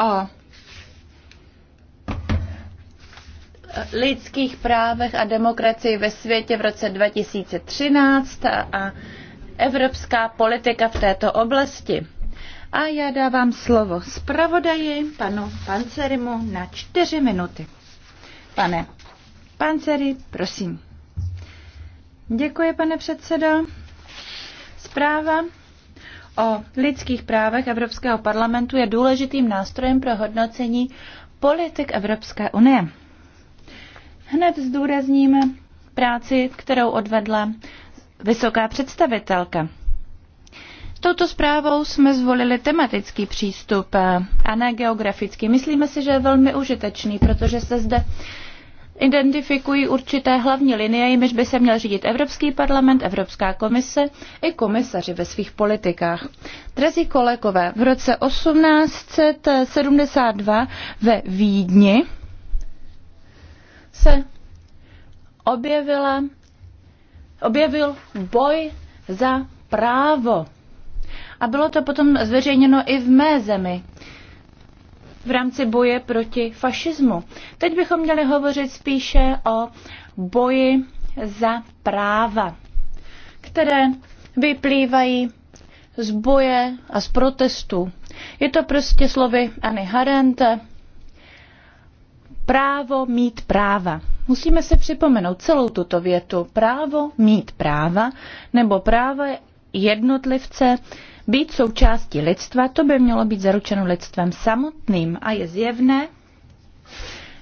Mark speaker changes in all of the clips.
Speaker 1: o lidských právech a demokracii ve světě v roce 2013 a evropská politika v této oblasti. A já dávám slovo zpravodaji panu Pancerimu na čtyři minuty. Pane Panceri, prosím. Děkuji, pane předsedo. Zpráva o lidských právech Evropského parlamentu je důležitým nástrojem pro hodnocení politik Evropské unie. Hned zdůrazním práci, kterou odvedla vysoká představitelka. Touto zprávou jsme zvolili tematický přístup a ne geografický. Myslíme si, že je velmi užitečný, protože se zde identifikují určité hlavní linie, jimiž by se měl řídit Evropský parlament, Evropská komise i komisaři ve svých politikách. Drazí kolegové, v roce 1872 ve Vídni se objevila, objevil boj za právo. A bylo to potom zveřejněno i v mé zemi v rámci boje proti fašismu. Teď bychom měli hovořit spíše o boji za práva, které vyplývají z boje a z protestu. Je to prostě slovy Anny Harente. právo mít práva. Musíme si připomenout celou tuto větu. Právo mít práva nebo práva jednotlivce, být součástí lidstva, to by mělo být zaručeno lidstvem samotným. A je zjevné,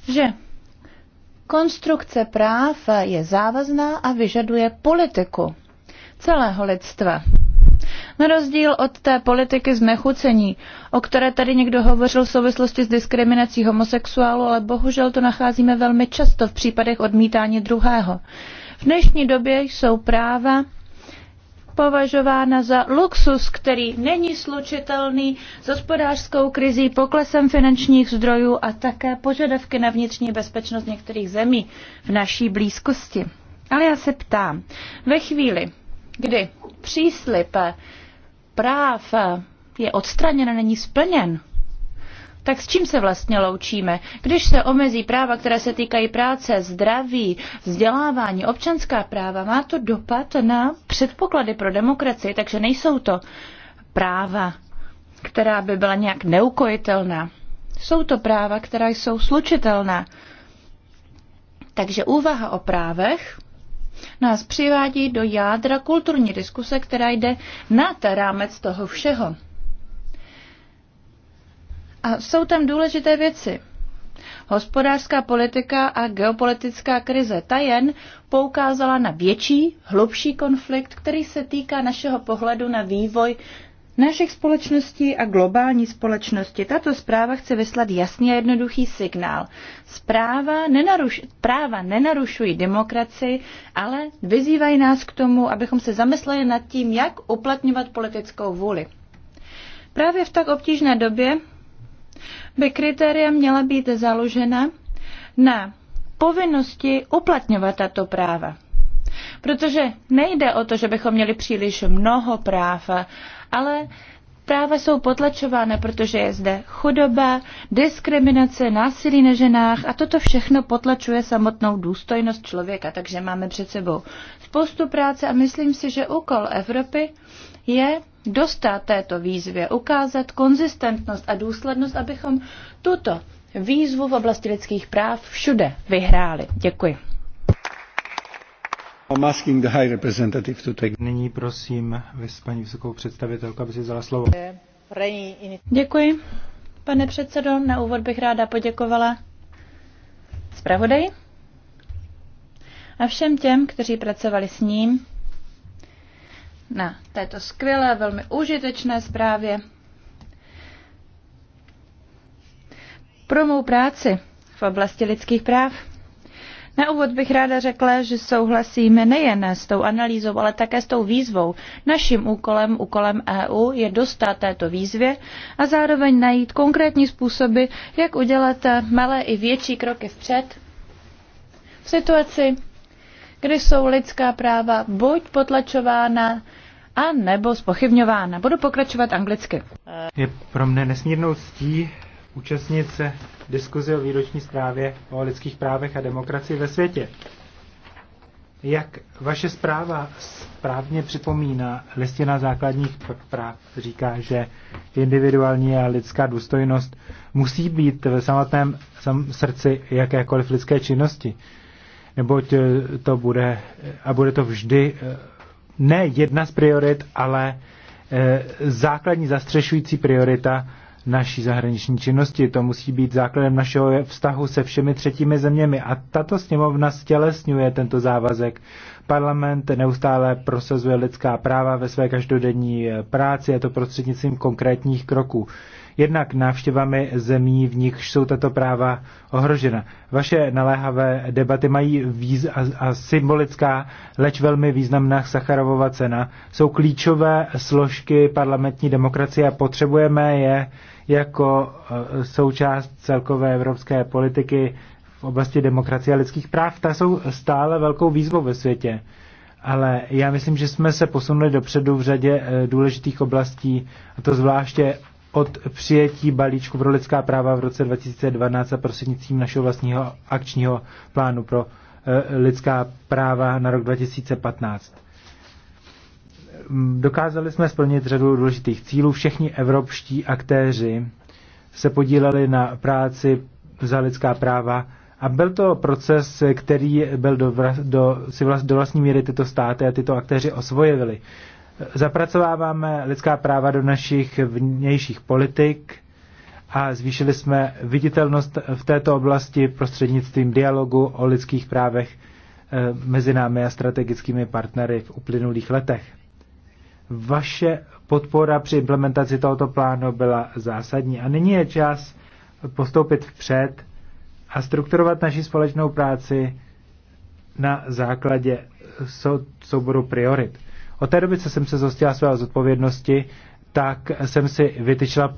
Speaker 1: že konstrukce práv je závazná a vyžaduje politiku celého lidstva. Na rozdíl od té politiky znechucení, o které tady někdo hovořil v souvislosti s diskriminací homosexuálu, ale bohužel to nacházíme velmi často v případech odmítání druhého. V dnešní době jsou práva považována za luxus, který není slučitelný s hospodářskou krizí, poklesem finančních zdrojů a také požadavky na vnitřní bezpečnost některých zemí v naší blízkosti. Ale já se ptám, ve chvíli, kdy příslip eh, práv eh, je odstraněn a není splněn, tak s čím se vlastně loučíme? Když se omezí práva, které se týkají práce, zdraví, vzdělávání, občanská práva, má to dopad na předpoklady pro demokracii, takže nejsou to práva, která by byla nějak neukojitelná. Jsou to práva, která jsou slučitelná. Takže úvaha o právech nás přivádí do jádra kulturní diskuse, která jde nad rámec toho všeho. A jsou tam důležité věci. Hospodářská politika a geopolitická krize. Tajen poukázala na větší, hlubší konflikt, který se týká našeho pohledu na vývoj našich společností a globální společnosti. Tato zpráva chce vyslat jasný a jednoduchý signál. Zpráva nenaruš, práva nenarušují demokracii, ale vyzývají nás k tomu, abychom se zamysleli nad tím, jak uplatňovat politickou vůli. Právě v tak obtížné době by kritéria měla být založena na povinnosti uplatňovat tato práva. Protože nejde o to, že bychom měli příliš mnoho práv, ale práva jsou potlačována, protože je zde chudoba, diskriminace, násilí na ženách a toto všechno potlačuje samotnou důstojnost člověka. Takže máme před sebou spoustu práce a myslím si, že úkol Evropy je dostat této výzvě, ukázat konzistentnost a důslednost, abychom tuto výzvu v oblasti lidských práv všude vyhráli. Děkuji.
Speaker 2: Nyní prosím paní vysokou představitelku, aby si vzala slovo.
Speaker 1: Děkuji. Pane předsedo, na úvod bych ráda poděkovala zpravodaji a všem těm, kteří pracovali s ním na této skvělé, velmi užitečné zprávě. Pro mou práci v oblasti lidských práv. Na úvod bych ráda řekla, že souhlasíme nejen s tou analýzou, ale také s tou výzvou. Naším úkolem, úkolem EU, je dostat této výzvě a zároveň najít konkrétní způsoby, jak udělat malé i větší kroky vpřed v situaci, kdy jsou lidská práva buď potlačována, a nebo spochybňována. Budu pokračovat anglicky.
Speaker 2: Je pro mne nesmírnou ctí účastnit se diskuzi o výroční zprávě o lidských právech a demokracii ve světě. Jak vaše zpráva správně připomíná, listina základních práv říká, že individuální a lidská důstojnost musí být v samotném srdci jakékoliv lidské činnosti neboť eh, to bude a bude to vždy eh, ne jedna z priorit, ale eh, základní zastřešující priorita naší zahraniční činnosti. To musí být základem našeho vztahu se všemi třetími zeměmi. A tato sněmovna stělesňuje tento závazek. Parlament neustále prosazuje lidská práva ve své každodenní práci, a to prostřednictvím konkrétních kroků jednak návštěvami zemí, v nichž jsou tato práva ohrožena. Vaše naléhavé debaty mají výz a, a symbolická, leč velmi významná Sacharovova cena. Jsou klíčové složky parlamentní demokracie a potřebujeme je jako e, součást celkové evropské politiky v oblasti demokracie a lidských práv. Ta jsou stále velkou výzvou ve světě ale já myslím, že jsme se posunuli dopředu v řadě e, důležitých oblastí, a to zvláště od přijetí balíčku pro lidská práva v roce 2012 a prostřednictvím našeho vlastního akčního plánu pro eh, lidská práva na rok 2015. Dokázali jsme splnit řadu důležitých cílů. Všichni evropští aktéři se podíleli na práci za lidská práva a byl to proces, který byl do, do, si vlast, do vlastní míry tyto státy a tyto aktéři osvojili. Zapracováváme lidská práva do našich vnějších politik a zvýšili jsme viditelnost v této oblasti prostřednictvím dialogu o lidských právech eh, mezi námi a strategickými partnery v uplynulých letech. Vaše podpora při implementaci tohoto plánu byla zásadní a nyní je čas postoupit vpřed a strukturovat naši společnou práci na základě souboru priorit. Od té doby, co jsem se zhostila své zodpovědnosti, tak jsem si vytyčila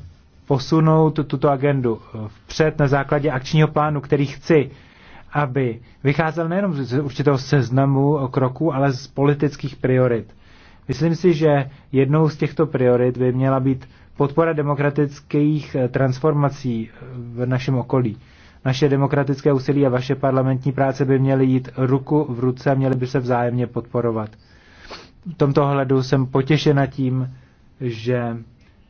Speaker 2: posunout tuto agendu eh, vpřed na základě akčního plánu, který chci, aby vycházel nejenom z určitého seznamu kroků, ale z politických priorit. Myslím si, že jednou z těchto priorit by měla být podpora demokratických eh, transformací eh, v našem okolí. Naše demokratické úsilí a vaše parlamentní práce by měly jít ruku v ruce a měly by se vzájemně podporovat v tomto hledu jsem potěšena tím, že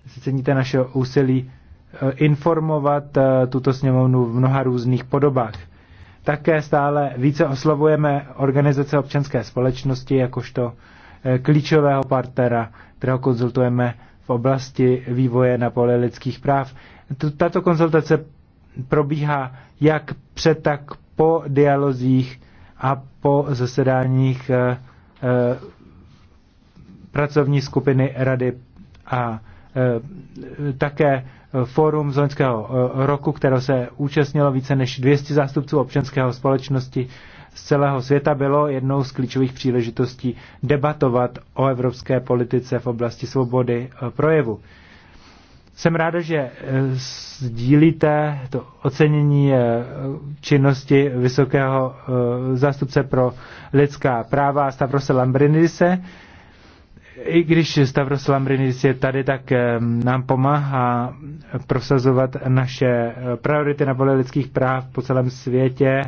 Speaker 2: si ceníte naše úsilí eh, informovat eh, tuto sněmovnu v mnoha různých podobách. Také stále více oslovujeme organizace občanské společnosti jakožto eh, klíčového partnera, kterého konzultujeme v oblasti vývoje na poli lidských práv. Tato konzultace probíhá jak před, tak po dialozích a po zasedáních pracovní skupiny rady a e, také fórum z loňského e, roku, které se účastnilo více než 200 zástupců občanského společnosti z celého světa, bylo jednou z klíčových příležitostí debatovat o evropské politice v oblasti svobody e, projevu. Jsem ráda, že sdílíte to ocenění činnosti vysokého zástupce pro lidská práva Stavrose Lambrinise i když Stavros Lambrinidis je tady, tak eh, nám pomáhá prosazovat naše eh, priority na pole lidských práv po celém světě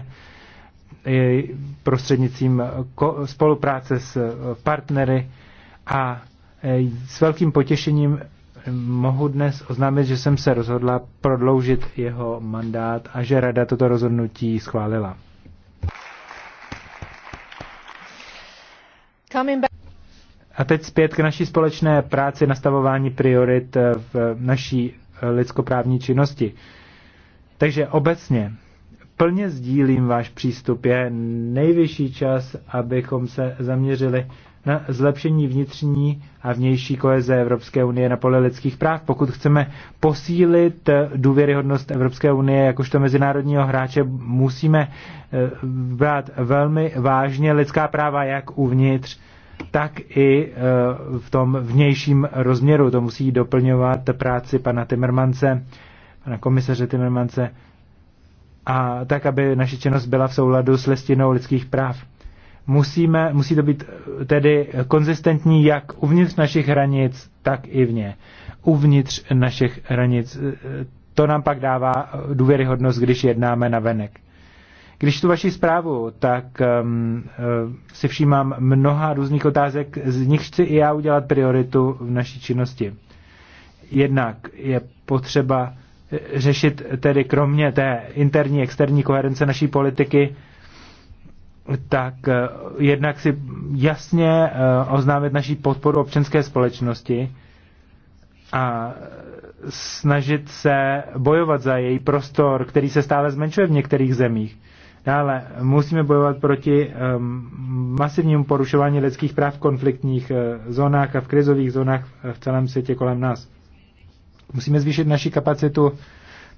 Speaker 2: prostřednicím eh, spolupráce s partnery a s velkým potěšením mohu dnes oznámit, že jsem se rozhodla prodloužit jeho mandát a že rada toto rozhodnutí schválila. Coming back. A teď zpět k naší společné práci nastavování priorit eh, v naší eh, lidskoprávní činnosti. Takže obecně plně sdílím váš přístup. Je nejvyšší čas, abychom se zaměřili na zlepšení vnitřní a vnější koheze Evropské unie na pole lidských práv. Pokud chceme posílit eh, důvěryhodnost Evropské unie jakožto mezinárodního hráče, musíme brát velmi vážně lidská práva jak uvnitř, tak i e, v tom vnějším rozměru. To musí doplňovat práci pana Timmermance, pana komisaře Timmermance, a tak, aby naše činnost byla v souladu s listinou lidských práv. Musíme, musí to být e, tedy konzistentní jak uvnitř našich hranic, tak i vně. Uvnitř našich hranic. E, to nám pak dává důvěryhodnost, když jednáme na venek. Když tu vaši zprávu, tak um, eh, si všímám mnoha různých otázek, z nich chci i já udělat prioritu v naší činnosti. Jednak je potřeba eh, řešit tedy kromě té interní, externí koherence naší politiky, tak eh, jednak si jasně oznámit naší podporu občanské společnosti a snažit se bojovat za její prostor, který se stále zmenšuje v některých zemích. Dále musíme bojovat proti um, masivnímu porušování lidských práv v konfliktních uh, zónách a v krizových zónách v celém světě kolem nás. Musíme zvýšit naši kapacitu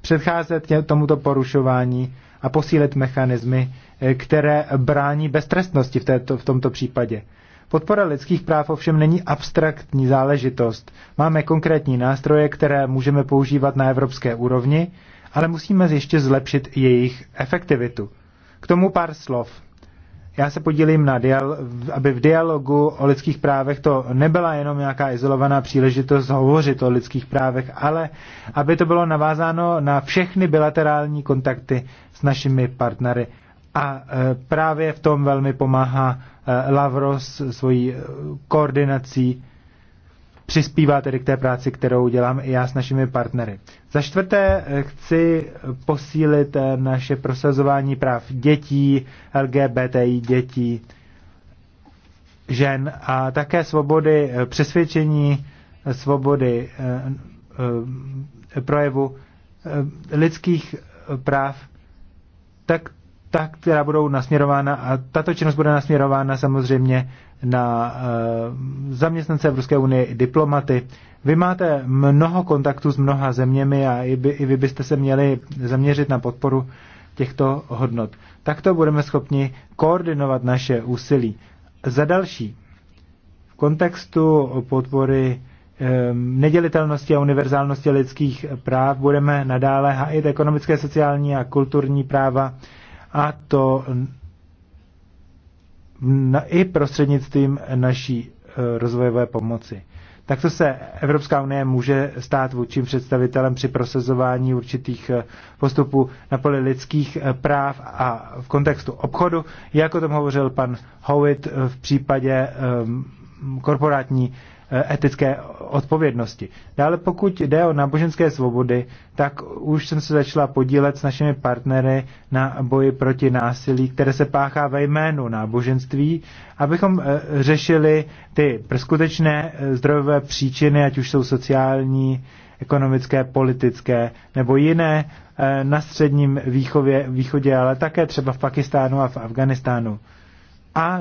Speaker 2: předcházet tomuto porušování a posílit mechanismy, eh, které brání beztrestnosti v, této, v tomto případě. Podpora lidských práv ovšem není abstraktní záležitost. Máme konkrétní nástroje, které můžeme používat na evropské úrovni, ale musíme ještě zlepšit jejich efektivitu. K tomu pár slov. Já se podílím na dial, aby v dialogu o lidských právech to nebyla jenom nějaká izolovaná příležitost hovořit o lidských právech, ale aby to bylo navázáno na všechny bilaterální kontakty s našimi partnery. A e, právě v tom velmi pomáhá e, Lavros svojí e, koordinací přispívá tedy k té práci, kterou dělám i já s našimi partnery. Za čtvrté eh, chci posílit eh, naše prosazování práv dětí, LGBTI dětí, žen a také svobody eh, přesvědčení, svobody projevu lidských práv, tak ta, která budou nasměrována, a tato činnost bude nasměrována samozřejmě na e, zaměstnance Evropské unie, diplomaty. Vy máte mnoho kontaktů s mnoha zeměmi a i, by, i vy byste se měli zaměřit na podporu těchto hodnot. Takto budeme schopni koordinovat naše úsilí. Za další, v kontextu podpory ehm, nedělitelnosti a univerzálnosti lidských práv budeme nadále hájit ekonomické, sociální a kulturní práva a to i prostřednictvím naší e, rozvojové pomoci. Takto se Evropská unie může stát vůčím představitelem při prosazování určitých e, postupů na poli lidských e, práv a v kontextu obchodu, jak o tom hovořil pan Howitt v případě korporátní Eh, etické odpovědnosti. Dále pokud jde o náboženské svobody, tak už jsem se začala podílet s našimi partnery na boji proti násilí, které se páchá ve jménu náboženství, abychom eh, řešili ty skutečné eh, zdrojové příčiny, ať už jsou sociální, ekonomické, politické nebo jiné na středním výchově, východě, ale také třeba v Pakistánu a v Afganistánu. A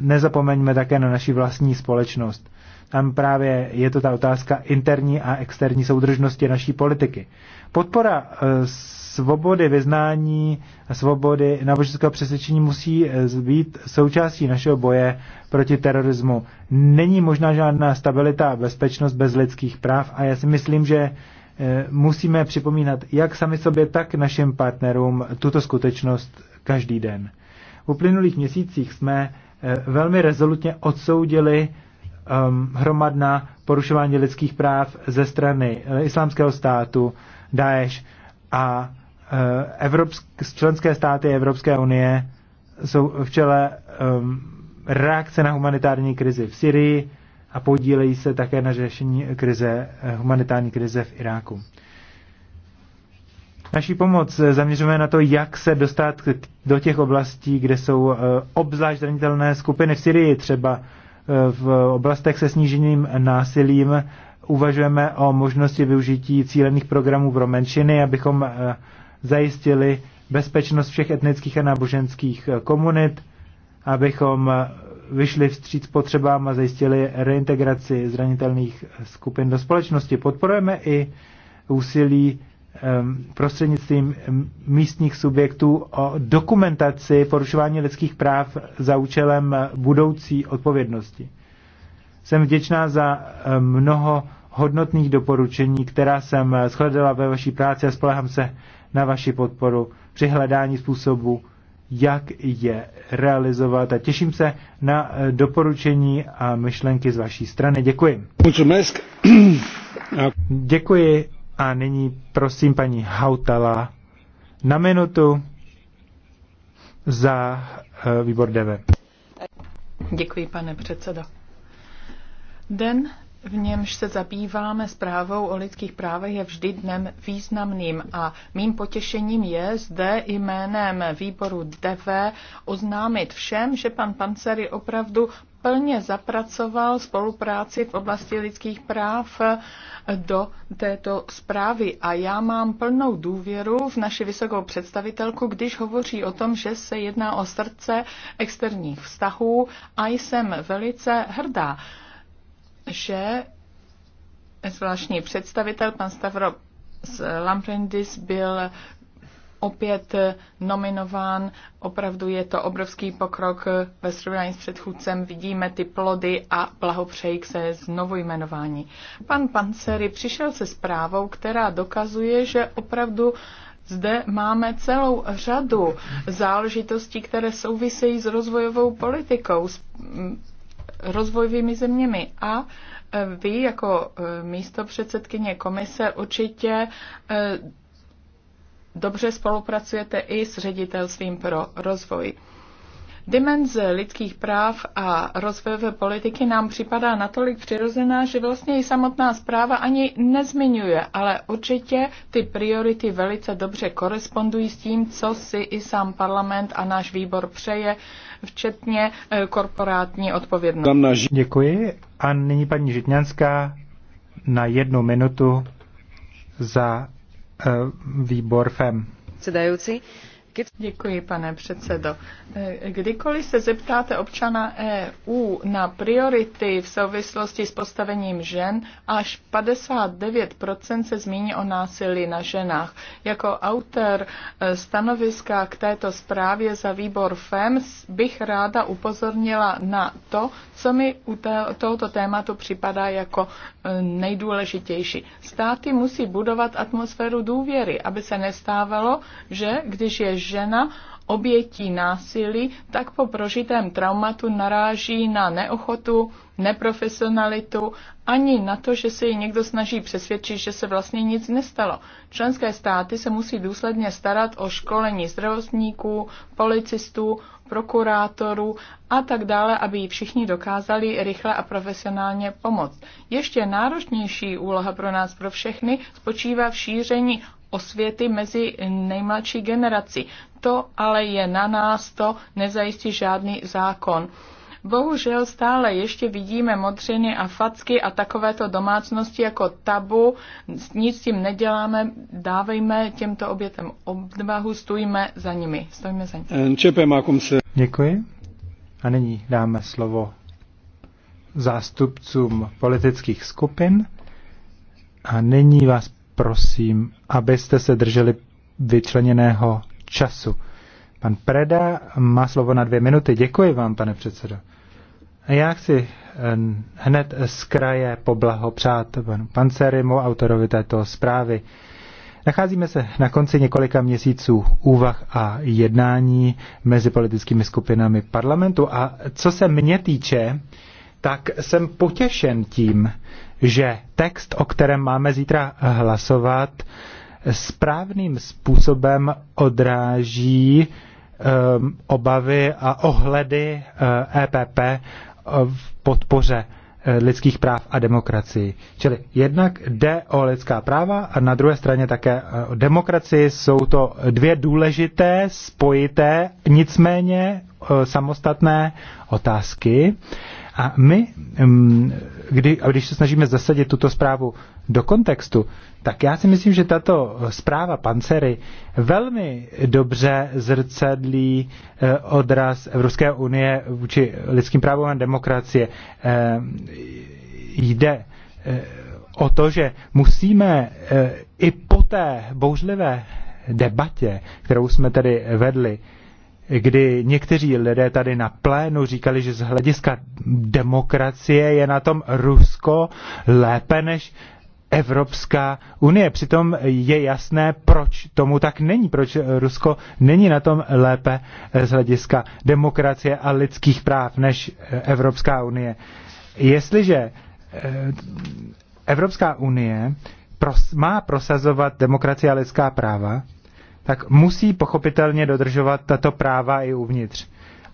Speaker 2: nezapomeňme také na naši vlastní společnost. Tam právě je to ta otázka interní a externí soudržnosti naší politiky. Podpora eh, svobody vyznání, svobody náboženského přesvědčení musí eh, být součástí našeho boje proti terorismu. Není možná žádná stabilita a bezpečnost bez lidských práv a já si myslím, že eh, musíme připomínat jak sami sobě, tak našim partnerům tuto skutečnost každý den. V uplynulých měsících jsme velmi rezolutně odsoudili um, hromadná porušování lidských práv ze strany eh, islámského státu, Daesh a eh, Evropsk, členské státy Evropské unie jsou v čele um, reakce na humanitární krizi v Syrii a podílejí se také na řešení krize, eh, humanitární krize v Iráku. Naší pomoc zaměřujeme na to, jak se dostat do těch oblastí, kde jsou obzvlášť zranitelné skupiny v Syrii, třeba v oblastech se sníženým násilím uvažujeme o možnosti využití cílených programů pro menšiny, abychom eh, zajistili bezpečnost všech etnických a náboženských eh, komunit, abychom eh, vyšli vstříc potřebám a zajistili reintegraci zranitelných skupin do společnosti. Podporujeme i úsilí prostřednictvím místních subjektů o dokumentaci porušování lidských práv za účelem budoucí odpovědnosti. Jsem vděčná za mnoho hodnotných doporučení, která jsem shledala ve vaší práci a spolehám se na vaši podporu při hledání způsobu, jak je realizovat. A těším se na e, doporučení a myšlenky z vaší strany. Děkuji. Děkuji. A nyní prosím paní Hautala na minutu za eh, výbor DEVE.
Speaker 3: Děkuji, pane předsedo. Den, v němž se zabýváme zprávou o lidských právech, je vždy dnem významným a mým potěšením je zde jménem výboru DV oznámit všem, že pan Pancery opravdu plně zapracoval spolupráci v oblasti lidských práv do této zprávy. A já mám plnou důvěru v naši vysokou představitelku, když hovoří o tom, že se jedná o srdce externích vztahů a jsem velice hrdá, že zvláštní představitel pan Stavro z Lamprindis byl opět eh, nominován. Opravdu je to obrovský pokrok eh, ve srovnání s předchůdcem. Vidíme ty plody a blahopřeji k se znovu jmenování. Pan Panceri přišel se zprávou, která dokazuje, že opravdu zde máme celou řadu záležitostí, které souvisejí s rozvojovou politikou, s mm, rozvojovými zeměmi a eh, vy jako místo předsedkyně komise určitě dobře spolupracujete i s ředitelstvím pro rozvoj. Dimenze lidských práv a rozvojové politiky nám připadá natolik přirozená, že vlastně i samotná zpráva ani nezmiňuje, ale určitě ty priority velice dobře korespondují s tím, co si i sám parlament a náš výbor přeje, včetně eh, korporátní odpovědnosti.
Speaker 2: Děkuji. A nyní paní Žitňanská na jednu minutu za Eh, výbor femm.
Speaker 3: Děkuji, pane předsedo. Kdykoliv se zeptáte občana EU na priority v souvislosti s postavením žen, až 59% se zmíní o násilí na ženách. Jako autor eh, stanoviska k této zprávě za výbor FEM bych ráda upozornila na to, co mi u tohoto tématu připadá jako eh, nejdůležitější. Státy musí budovat atmosféru důvěry, aby se nestávalo, že když je žena obětí násilí, tak po prožitém traumatu naráží na neochotu, neprofesionalitu, ani na to, že se ji někdo snaží přesvědčit, že se vlastně nic nestalo. Členské státy se musí důsledně starat o školení zdravotníků, policistů, prokurátorů a tak dále, aby ji všichni dokázali rychle a profesionálně pomoct. Ještě náročnější úloha pro nás, pro všechny, spočívá v šíření osvěty mezi nejmladší generací. To ale je na nás, to nezajistí žádný zákon. Bohužel stále ještě vidíme modřiny a facky a takovéto domácnosti jako tabu. Nic s tím neděláme, dávejme těmto obětem odvahu, stůjme za nimi. Stojíme za nimi.
Speaker 2: Eh, Děkuji. A nyní dáme slovo zástupcům politických skupin. A nyní vás prosím, abyste se drželi vyčleněného času. Pan Preda má slovo na dvě minuty. Děkuji vám, pane předsedo. Já chci eh, hned z kraje poblahopřát panu Pancerimu, autorovi této zprávy. Nacházíme se na konci několika měsíců úvah a jednání mezi politickými skupinami parlamentu a co se mě týče, tak jsem potěšen tím, že text, o kterém máme zítra hlasovat, správným způsobem odráží um, obavy a ohledy uh, eh, EPP eh, v podpoře eh, lidských práv a demokracii. Čili jednak jde o lidská práva a na druhé straně také o demokracii. Jsou to dvě důležité, spojité, nicméně samostatné otázky. A my mm, kdy, a když se snažíme zasadit tuto zprávu do kontextu, tak já si myslím, že tato zpráva Pancery velmi dobře zrcadlí eh, odraz Evropské unie vůči lidským právům a demokracie. Eh, jde eh, o to, že musíme i po té bouřlivé debatě, kterou jsme tedy vedli, kdy někteří lidé tady na plénu říkali, že z hlediska demokracie je na tom Rusko lépe než Evropská unie. Přitom je jasné, proč tomu tak není, proč Rusko není na tom lépe z hlediska demokracie a lidských práv než Evropská unie. Jestliže eh, Evropská unie má prosazovat demokracie a lidská práva, tak musí pochopitelně dodržovat tato práva i uvnitř.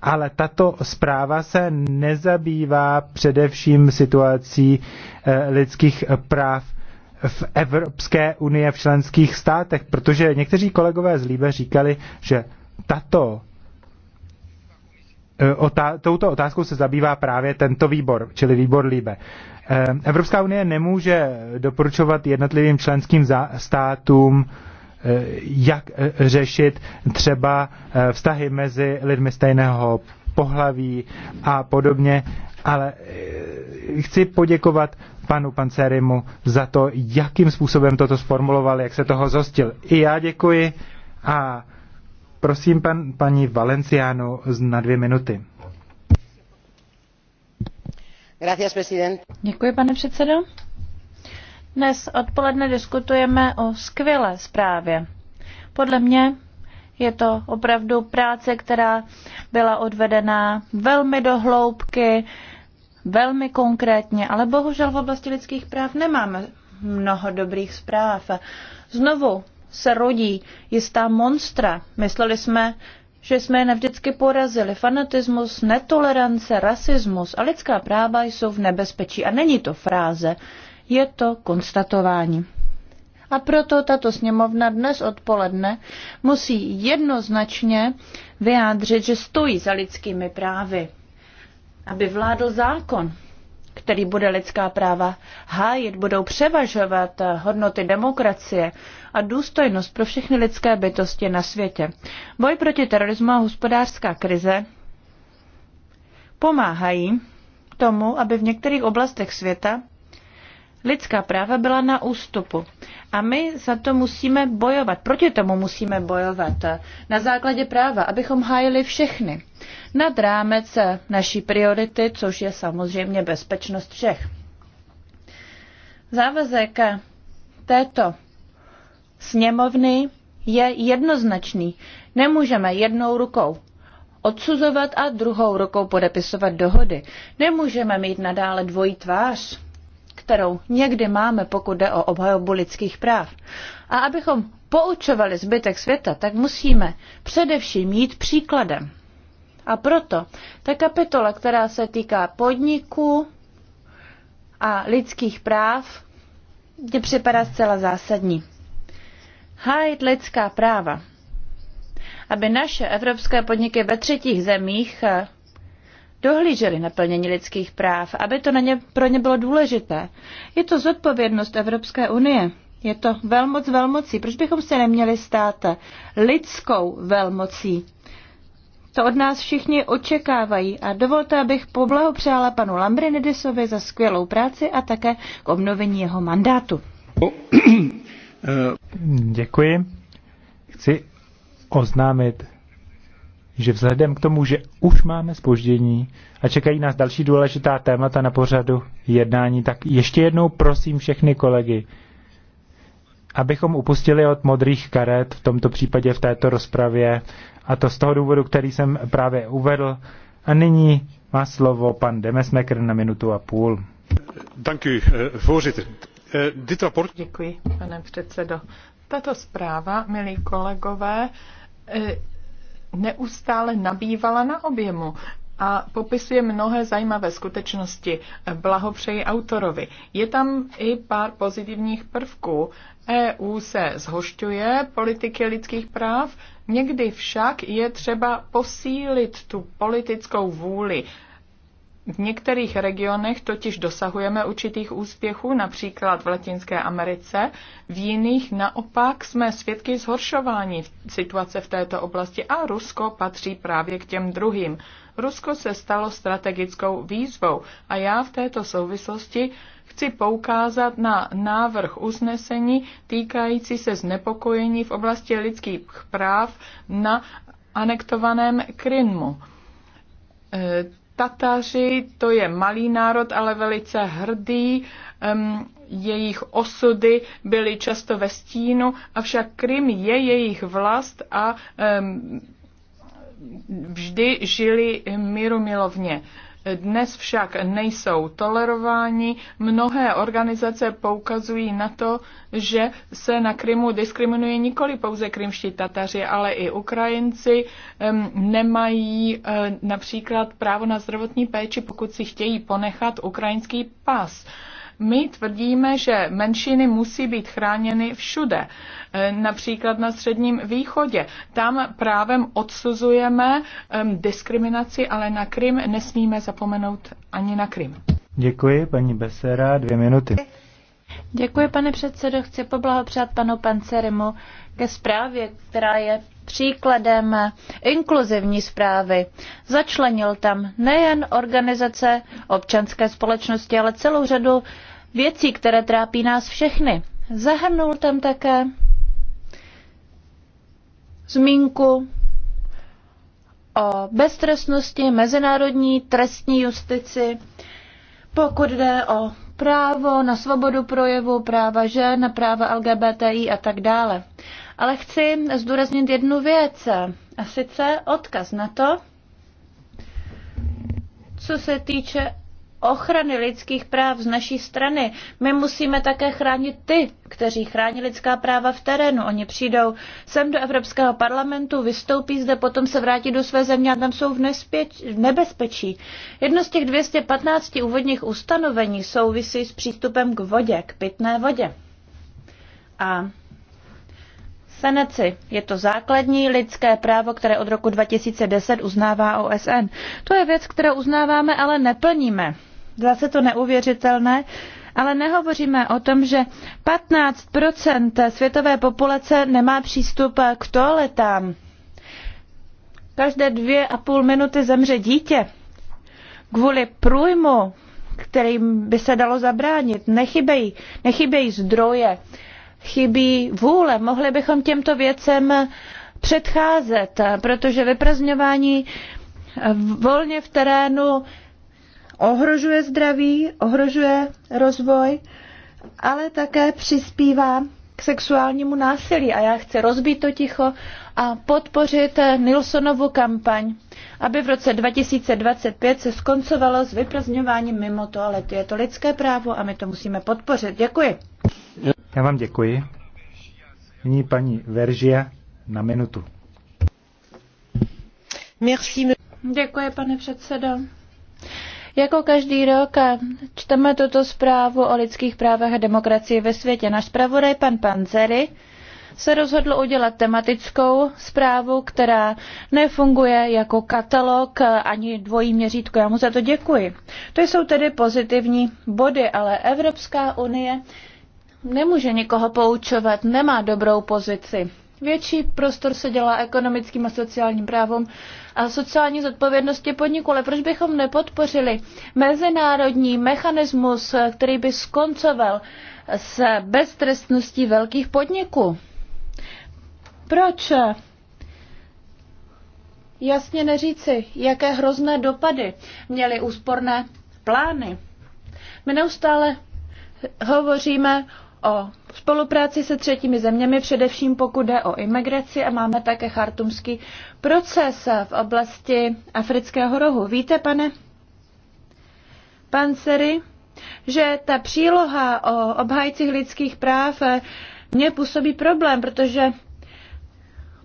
Speaker 2: Ale tato zpráva se nezabývá především situací eh, lidských práv v Evropské unii v členských státech, protože někteří kolegové z Líbe říkali, že tato eh, Otá- touto otázkou se zabývá právě tento výbor, čili výbor Líbe. Eh, Evropská unie nemůže doporučovat jednotlivým členským státům Eh, jak eh, řešit třeba eh, vztahy mezi lidmi stejného pohlaví a podobně, ale chci poděkovat panu Pancerimu za to, jakým způsobem toto sformuloval, jak se toho zostil. I já děkuji a prosím pan, paní Valenciánu na dvě minuty.
Speaker 1: Gracias, Děkuji, pane předsedo. Dnes odpoledne diskutujeme o skvělé zprávě. Podle mě je to opravdu práce, která byla odvedena velmi do hloubky, velmi konkrétně, ale bohužel v oblasti lidských práv nemáme mnoho dobrých zpráv. Znovu se rodí jistá monstra. Mysleli jsme, že jsme je nevždycky porazili. Fanatismus, netolerance, rasismus a lidská práva jsou v nebezpečí. A není to fráze. Je to konstatování. A proto tato sněmovna dnes odpoledne musí jednoznačně vyjádřit, že stojí za lidskými právy, aby vládl zákon, který bude lidská práva hájit, budou převažovat hodnoty demokracie a důstojnost pro všechny lidské bytosti na světě. Boj proti terorismu a hospodářská krize pomáhají tomu, aby v některých oblastech světa Lidská práva byla na ústupu. A my za to musíme bojovat. Proti tomu musíme bojovat. Na základě práva, abychom hájili všechny. Nad rámec naší priority, což je samozřejmě bezpečnost všech. Závazek této sněmovny je jednoznačný. Nemůžeme jednou rukou odsuzovat a druhou rukou podepisovat dohody. Nemůžeme mít nadále dvojí tvář kterou někdy máme, pokud jde o obhajobu lidských práv. A abychom poučovali zbytek světa, tak musíme především jít příkladem. A proto ta kapitola, která se týká podniků a lidských práv, mě připadá zcela zásadní. Hájit lidská práva. Aby naše evropské podniky ve třetích zemích dohlíželi na plnění lidských práv, aby to na ně, pro ně bylo důležité. Je to zodpovědnost Evropské unie. Je to velmoc velmocí. Proč bychom se neměli stát lidskou velmocí? To od nás všichni očekávají a dovolte, abych poblahopřála panu Lambrinidisovi za skvělou práci a také k obnovení jeho mandátu. Oh,
Speaker 2: eh. Děkuji. Chci oznámit, že vzhledem k tomu, že už máme spoždění a čekají nás další důležitá témata na pořadu jednání, tak ještě jednou prosím všechny kolegy, abychom upustili od modrých karet, v tomto případě v této rozpravě, a to z toho důvodu, který jsem právě uvedl. A nyní má slovo pan Demesmeker na minutu a půl.
Speaker 4: Eh,
Speaker 2: eh, Děkuji,
Speaker 3: pane předsedo. Tato zpráva, milí kolegové, eh, neustále nabývala na objemu a popisuje mnohé zajímavé skutečnosti. Blahopřeji autorovi. Je tam i pár pozitivních prvků. EU se zhošťuje politiky lidských práv, někdy však je třeba posílit tu politickou vůli, v některých regionech totiž dosahujeme určitých úspěchů, například v Latinské Americe, v jiných naopak jsme svědky zhoršování situace v této oblasti a Rusko patří právě k těm druhým. Rusko se stalo strategickou výzvou a já v této souvislosti chci poukázat na návrh usnesení týkající se znepokojení v oblasti lidských práv na anektovaném Krymu e, Tataři, to je malý národ, ale velice hrdý. Um, jejich osudy byly často ve stínu, avšak Krym je jejich vlast a um, vždy žili mírumilovně. milovně dnes však nejsou tolerováni. Mnohé organizace poukazují na to, že se na Krymu diskriminuje nikoli pouze krymští Tataři, ale i Ukrajinci nemají e, například právo na zdravotní péči, pokud si chtějí ponechat ukrajinský pas. My tvrdíme, že menšiny musí být chráněny všude, eh, například na Středním východě. Tam právem odsuzujeme ehm, diskriminaci, ale na Krym nesmíme zapomenout ani na Krym.
Speaker 2: Děkuji, paní Besera, dvě minuty.
Speaker 1: Děkuji, pane předsedo. Chci poblahopřát panu Pancerimu ke zprávě, která je příkladem inkluzivní zprávy. Začlenil tam nejen organizace občanské společnosti, ale celou řadu věcí, které trápí nás všechny. Zahrnul tam také zmínku o beztrestnosti, mezinárodní trestní justici, pokud jde o právo na svobodu projevu, práva žen, práva LGBTI a tak dále. Ale chci zdůraznit jednu věc, a sice odkaz na to, co se týče ochrany lidských práv z naší strany. My musíme také chránit ty, kteří chrání lidská práva v terénu. Oni přijdou sem do Evropského parlamentu, vystoupí zde, potom se vrátí do své země a tam jsou v, nespěč, v nebezpečí. Jedno z těch 215 úvodních ustanovení souvisí s přístupem k vodě, k pitné vodě. A Feneci. Je to základní lidské právo, které od roku 2010 uznává OSN. To je věc, kterou uznáváme, ale neplníme. Zase to neuvěřitelné, ale nehovoříme o tom, že 15 světové populace nemá přístup k toaletám. Každé dvě a půl minuty zemře dítě. Kvůli průjmu, kterým by se dalo zabránit, nechybějí, nechybějí zdroje chybí vůle. Mohli bychom těmto věcem předcházet, protože vyprazňování volně v terénu ohrožuje zdraví, ohrožuje rozvoj, ale také přispívá k sexuálnímu násilí a já chci rozbít to ticho a podpořit Nilsonovu kampaň, aby v roce 2025 se skoncovalo s vyprazňováním mimo toalety. Je to lidské právo a my to musíme podpořit.
Speaker 2: Děkuji. Já vám děkuji. Nyní paní Veržia na minutu.
Speaker 1: Merci. Děkuji, pane předsedo. Jako každý rok eh, čteme tuto zprávu o lidských právech a demokracii ve světě. Náš zpravodaj pan Panzeri se rozhodl udělat tematickou zprávu, která nefunguje jako katalog eh, ani dvojí měřítko. Já mu za to děkuji. To jsou tedy pozitivní body, ale Evropská unie nemůže nikoho poučovat, nemá dobrou pozici. Větší prostor se dělá ekonomickým a sociálním právům a sociální zodpovědnosti podniku, ale proč bychom nepodpořili mezinárodní mechanismus, který by skoncoval s beztrestností velkých podniků? Proč jasně neříci, jaké hrozné dopady měly úsporné plány? My neustále hovoříme o spolupráci se třetími zeměmi, především pokud jde o imigraci a máme také chartumský proces v oblasti Afrického rohu. Víte, pane Pancery, že ta příloha o obhájcích lidských práv eh, mě působí problém, protože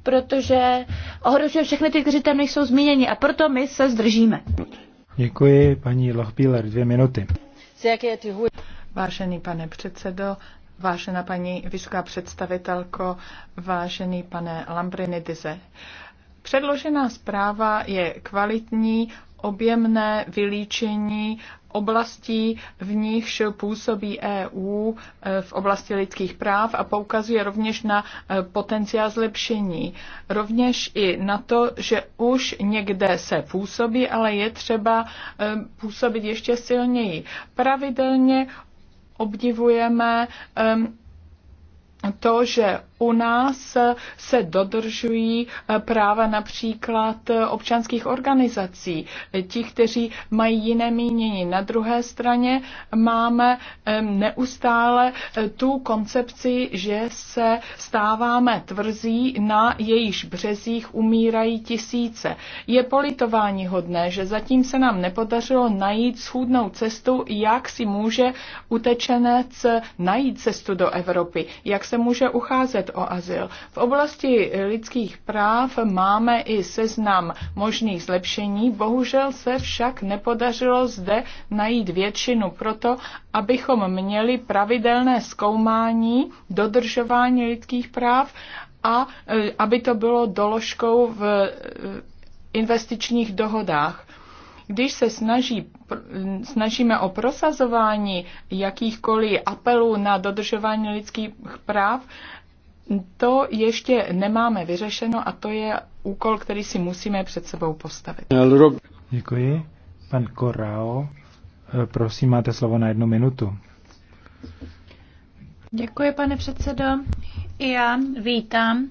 Speaker 1: protože ohrožuje všechny ty, kteří tam nejsou zmíněni a proto my se zdržíme.
Speaker 2: Děkuji, paní Lochbíler, dvě minuty.
Speaker 3: Vážený pane předsedo, Vážená paní vysoká představitelko, vážený pane Lambrinidize, předložená zpráva je kvalitní, objemné vylíčení oblastí, v nichž působí EU eh, v oblasti lidských práv a poukazuje rovněž na eh, potenciál zlepšení. Rovněž i na to, že už někde se působí, ale je třeba eh, působit ještě silněji. Pravidelně obdivujeme um, to, že u nás se dodržují eh, práva například eh, občanských organizací, ti, kteří mají jiné mínění. Na druhé straně máme neustále eh, tu koncepci, že se stáváme tvrzí, na jejíž březích umírají tisíce. Je politování hodné, že zatím se nám nepodařilo najít schůdnou cestu, jak si může utečenec najít cestu do Evropy, jak se může ucházet o azyl. V oblasti lidských práv máme i seznam možných zlepšení, bohužel se však nepodařilo zde najít většinu proto, abychom měli pravidelné zkoumání dodržování lidských práv a e, aby to bylo doložkou v e, investičních dohodách. Když se snaží, snažíme o prosazování jakýchkoliv apelů na dodržování lidských práv, to ještě nemáme vyřešeno a to je úkol, který si musíme před sebou postavit.
Speaker 2: Děkuji. Pan Korao, eh, prosím, máte slovo na jednu minutu.
Speaker 1: Děkuji, pane předsedo. Já vítám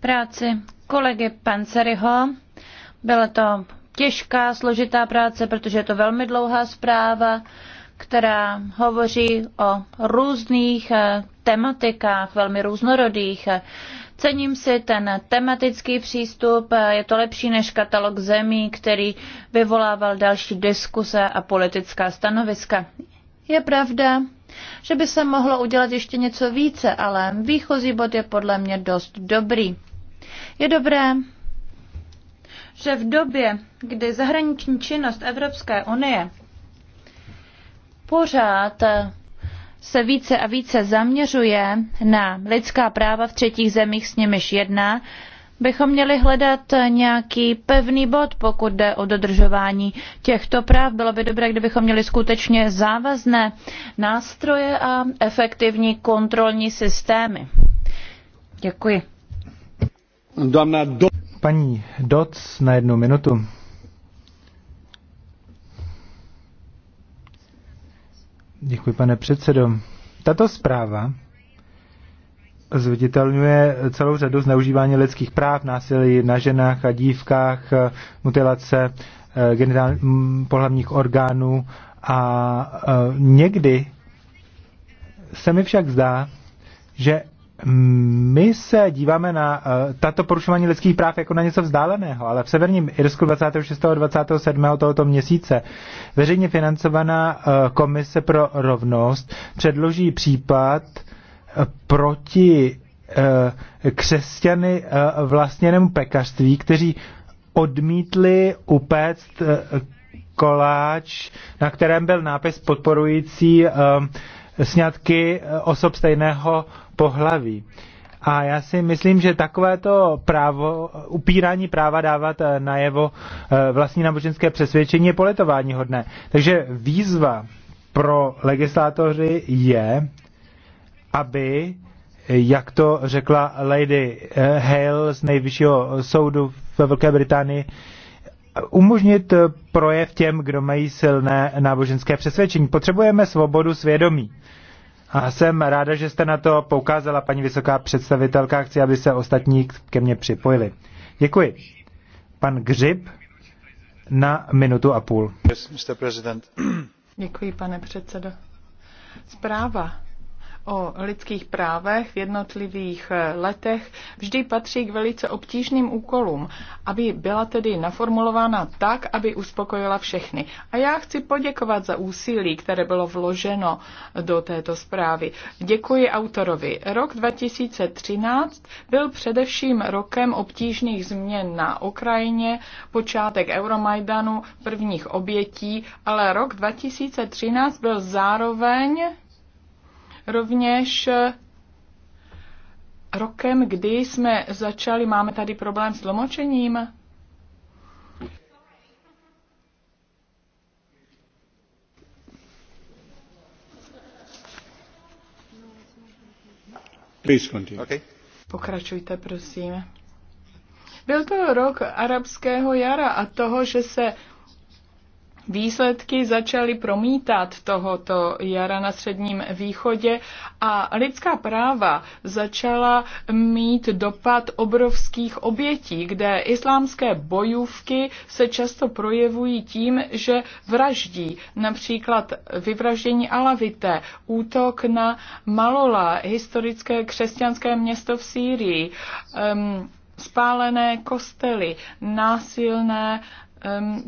Speaker 1: práci kolegy Panceryho. Byla to těžká, složitá práce, protože je to velmi dlouhá zpráva, která hovoří o různých eh, tematikách, velmi různorodých. Cením si ten tematický přístup, je to lepší než katalog zemí, který vyvolával další diskuse a politická stanoviska. Je pravda, že by se mohlo udělat ještě něco více, ale výchozí bod je podle mě dost dobrý. Je dobré, že v době, kdy zahraniční činnost Evropské unie pořád se více a více zaměřuje na lidská práva v třetích zemích, s nimiž jedná, bychom měli hledat nějaký pevný bod, pokud jde o dodržování těchto práv. Bylo by dobré, kdybychom měli skutečně závazné nástroje a efektivní kontrolní systémy.
Speaker 2: Děkuji. do... Paní Doc na jednu minutu. Děkuji, pane předsedo. Tato zpráva zviditelňuje celou řadu zneužívání lidských práv, násilí na ženách a dívkách, mutilace eh, genitál, pohlavních orgánů a eh, někdy se mi však zdá, že my se díváme na uh, tato porušování lidských práv jako na něco vzdáleného, ale v severním Irsku 26. a 27. tohoto měsíce veřejně financovaná uh, komise pro rovnost předloží případ uh, proti uh, křesťany uh, vlastněnému pekařství, kteří odmítli upéct uh, koláč, na kterém byl nápis podporující uh, sňatky osob stejného pohlaví. A já si myslím, že takovéto právo, upírání práva dávat eh, najevo eh, vlastní náboženské přesvědčení je poletování hodné. Takže výzva pro legislátoři je, aby, eh, jak to řekla Lady Hale z nejvyššího soudu ve Velké Británii, umožnit projev těm, kdo mají silné náboženské přesvědčení. Potřebujeme svobodu svědomí. A jsem ráda, že jste na to poukázala, paní vysoká představitelka. Chci, aby se ostatní ke mně připojili. Děkuji. Pan Gřib na minutu a půl.
Speaker 3: Děkuji, pane předsedo. Zpráva o lidských právech v jednotlivých eh, letech vždy patří k velice obtížným úkolům, aby byla tedy naformulována tak, aby uspokojila všechny. A já chci poděkovat za úsilí, které bylo vloženo do této zprávy. Děkuji autorovi. Rok 2013 byl především rokem obtížných změn na Ukrajině, počátek Euromajdanu, prvních obětí, ale rok 2013 byl zároveň rovněž eh, rokem, kdy jsme začali, máme tady problém s tlumočením. Pokračujte, prosím. Byl to rok arabského jara a toho, že se výsledky začaly promítat tohoto jara na Středním východě a lidská práva začala mít dopad obrovských obětí, kde islámské bojůvky se často projevují tím, že vraždí například vyvraždění Alavité, útok na Malola, historické křesťanské město v Sýrii, um, spálené kostely, násilné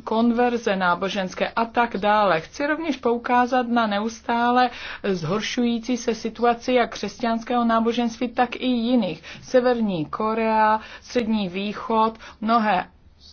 Speaker 3: konverze náboženské a tak dále. Chci rovněž poukázat na neustále zhoršující se situaci jak křesťanského náboženství, tak i jiných. Severní Korea, Střední východ, mnohé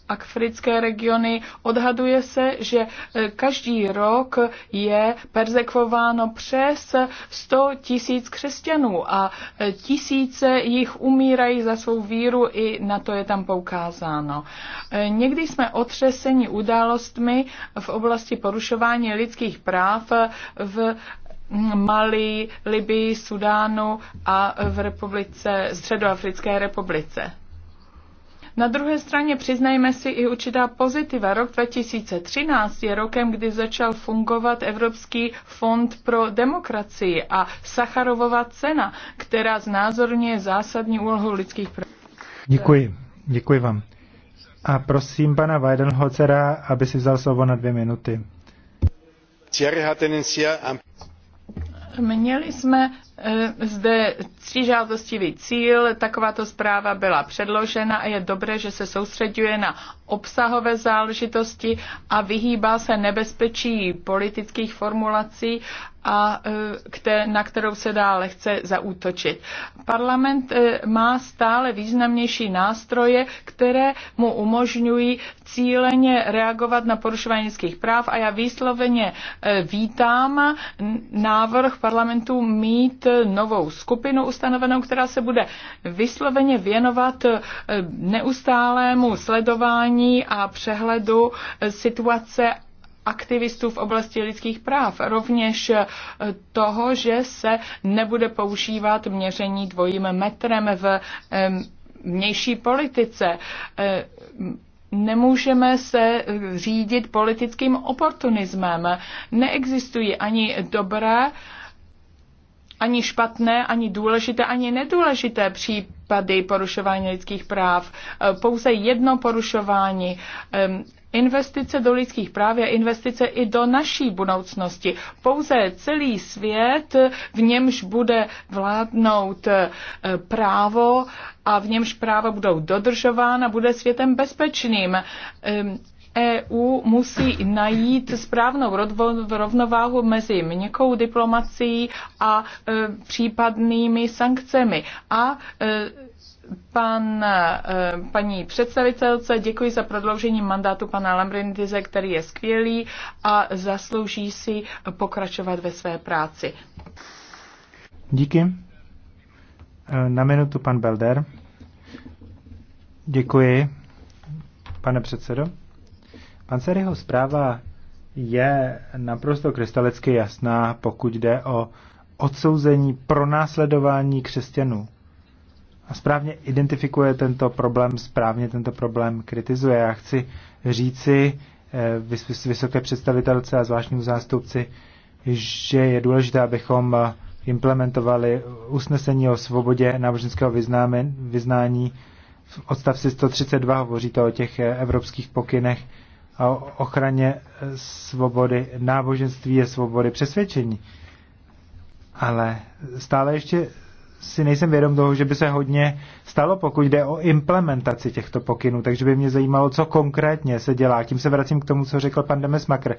Speaker 3: africké regiony. Odhaduje se, že eh, každý rok je persekvováno přes 100 tisíc křesťanů a eh, tisíce jich umírají za svou víru i na to je tam poukázáno. Eh, někdy jsme otřeseni událostmi v oblasti porušování lidských práv v hm, Mali, Libii, Sudánu a v republice, Středoafrické republice. Na druhé straně přiznajme si i určitá pozitiva. Rok 2013 je rokem, kdy začal fungovat Evropský fond pro demokracii a Sacharovová cena, která je zásadní úlohu lidských práv.
Speaker 2: Děkuji, děkuji vám. A prosím pana Weidenholzera, aby si vzal slovo na dvě minuty.
Speaker 3: Měli jsme Eh, zde ctižádostivý cíl, takováto zpráva byla předložena a je dobré, že se soustředuje na obsahové záležitosti a vyhýbá se nebezpečí politických formulací, a eh, které, na kterou se dá lehce zaútočit. Parlament eh, má stále významnější nástroje, které mu umožňují cíleně reagovat na porušování lidských práv a já výsloveně vítám návrh parlamentu mít novou skupinu ustanovenou, která se bude vysloveně věnovat eh, neustálému sledování a přehledu eh, situace aktivistů v oblasti lidských práv, rovněž eh, toho, že se nebude používat měření dvojím metrem v vnější politice. Nemůžeme se řídit politickým oportunismem. Neexistují ani dobré ani špatné, ani důležité, ani nedůležité případy porušování lidských práv. Eh, pouze jedno porušování. Ehm, investice do lidských práv je investice i do naší budoucnosti. Pouze celý svět, v němž bude vládnout eh, právo a v němž práva budou dodržována, bude světem bezpečným. Ehm, EU musí najít správnou rovnováhu mezi měkkou diplomací a e, případnými sankcemi. A e, pan, e, paní představitelce, děkuji za prodloužení mandátu pana Lambrindize, který je skvělý a zaslouží si pokračovat ve své práci.
Speaker 2: Díky. Na minutu pan Belder. Děkuji, pane předsedo. Panceryho zpráva je naprosto krystalicky jasná, pokud jde o odsouzení pro následování křesťanů. A správně identifikuje tento problém, správně tento problém kritizuje. Já chci říci eh, vysoké představitelce a zvláštnímu zástupci, že je důležité, abychom eh, implementovali usnesení o svobodě náboženského vyznání. V odstavci 132 hovoří to o těch eh, evropských pokynech a o ochraně svobody náboženství a svobody přesvědčení. Ale stále ještě si nejsem vědom toho, že by se hodně stalo, pokud jde o implementaci těchto pokynů, takže by mě zajímalo, co konkrétně se dělá. Tím se vracím k tomu, co řekl pan Demesmakr.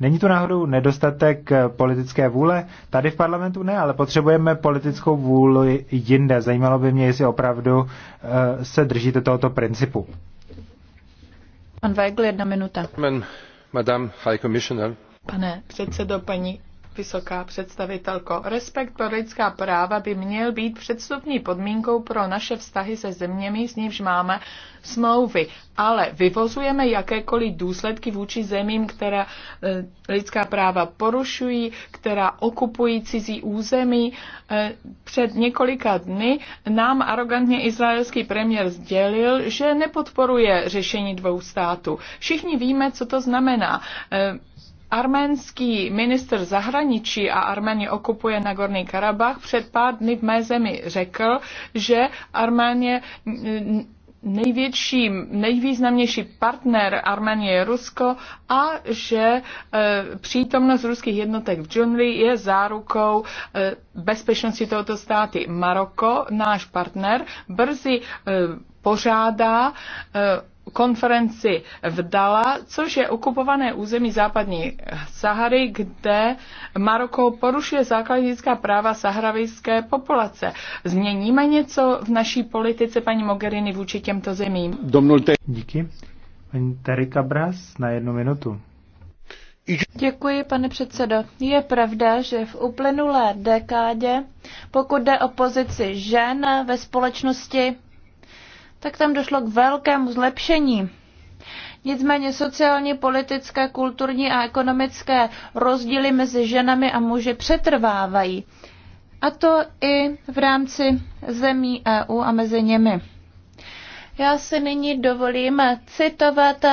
Speaker 2: Není tu náhodou nedostatek politické vůle? Tady v parlamentu ne, ale potřebujeme politickou vůli jinde. Zajímalo by mě, jestli opravdu eh, se držíte tohoto principu.
Speaker 3: Pan Weigl, jedna minuta.
Speaker 2: Madame
Speaker 4: High Commissioner.
Speaker 3: Pane předsedo, paní vysoká představitelko. Respekt pro lidská práva by měl být předstupní podmínkou pro naše vztahy se zeměmi, s nímž máme smlouvy, ale vyvozujeme jakékoliv důsledky vůči zemím, která eh, lidská práva porušují, která okupují cizí území. Eh, před několika dny nám arrogantně izraelský premiér sdělil, že nepodporuje řešení dvou států. Všichni víme, co to znamená. Eh, Arménský minister zahraničí a Arménie okupuje Nagorný Karabach před pár dny v mé zemi řekl, že Arménie největší, nejvýznamnější partner Arménie je Rusko a že e, přítomnost ruských jednotek v džunli je zárukou e, bezpečnosti tohoto státy. Maroko, náš partner, brzy e, pořádá e, konferenci v Dala, což je okupované území západní Sahary, kde Maroko porušuje základní lidská práva saharavijské populace. Změníme něco v naší politice, paní Mogherini, vůči těmto zemím?
Speaker 2: Domnulte. Díky. Paní Terika Bras na jednu minutu.
Speaker 1: Děkuji, pane předsedo. Je pravda, že v uplynulé dekádě, pokud jde o pozici žen ve společnosti, tak tam došlo k velkému zlepšení. Nicméně sociální, politické, kulturní a ekonomické rozdíly mezi ženami a muži přetrvávají. A to i v rámci zemí EU a mezi nimi. Já si nyní dovolím citovat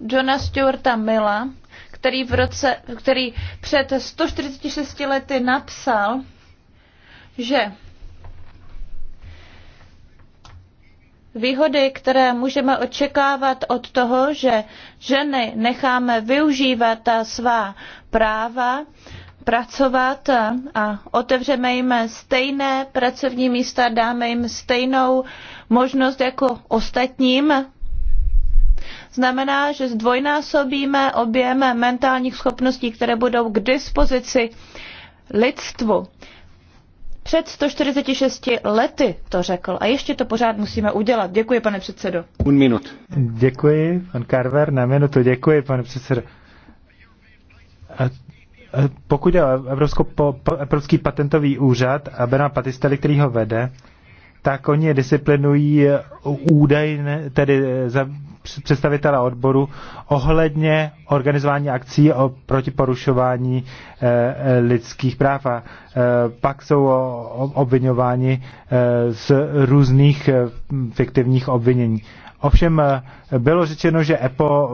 Speaker 1: Johna Stuarta Milla, který, v roce, který před 146 lety napsal, že výhody, které můžeme očekávat od toho, že ženy necháme využívat svá práva, pracovat a otevřeme jim stejné pracovní místa, dáme jim stejnou možnost jako ostatním, znamená, že zdvojnásobíme objem mentálních schopností, které budou k dispozici lidstvu. Před 146 lety to řekl a ještě to pořád musíme udělat. Děkuji, pane předsedo.
Speaker 2: Un minut. Děkuji, pan Carver, na minutu. Děkuji, pane předsedo. A pokud je Evropsko, po, po, Evropský patentový úřad a Bena Patisteli, který ho vede, tak oni disciplinují údaj, tedy za představitele odboru ohledně organizování akcí o protiporušování e, eh, eh, lidských práv. A e, pak jsou o, obvinováni e, z různých e, fiktivních obvinění. Ovšem eh, bylo řečeno, že EPO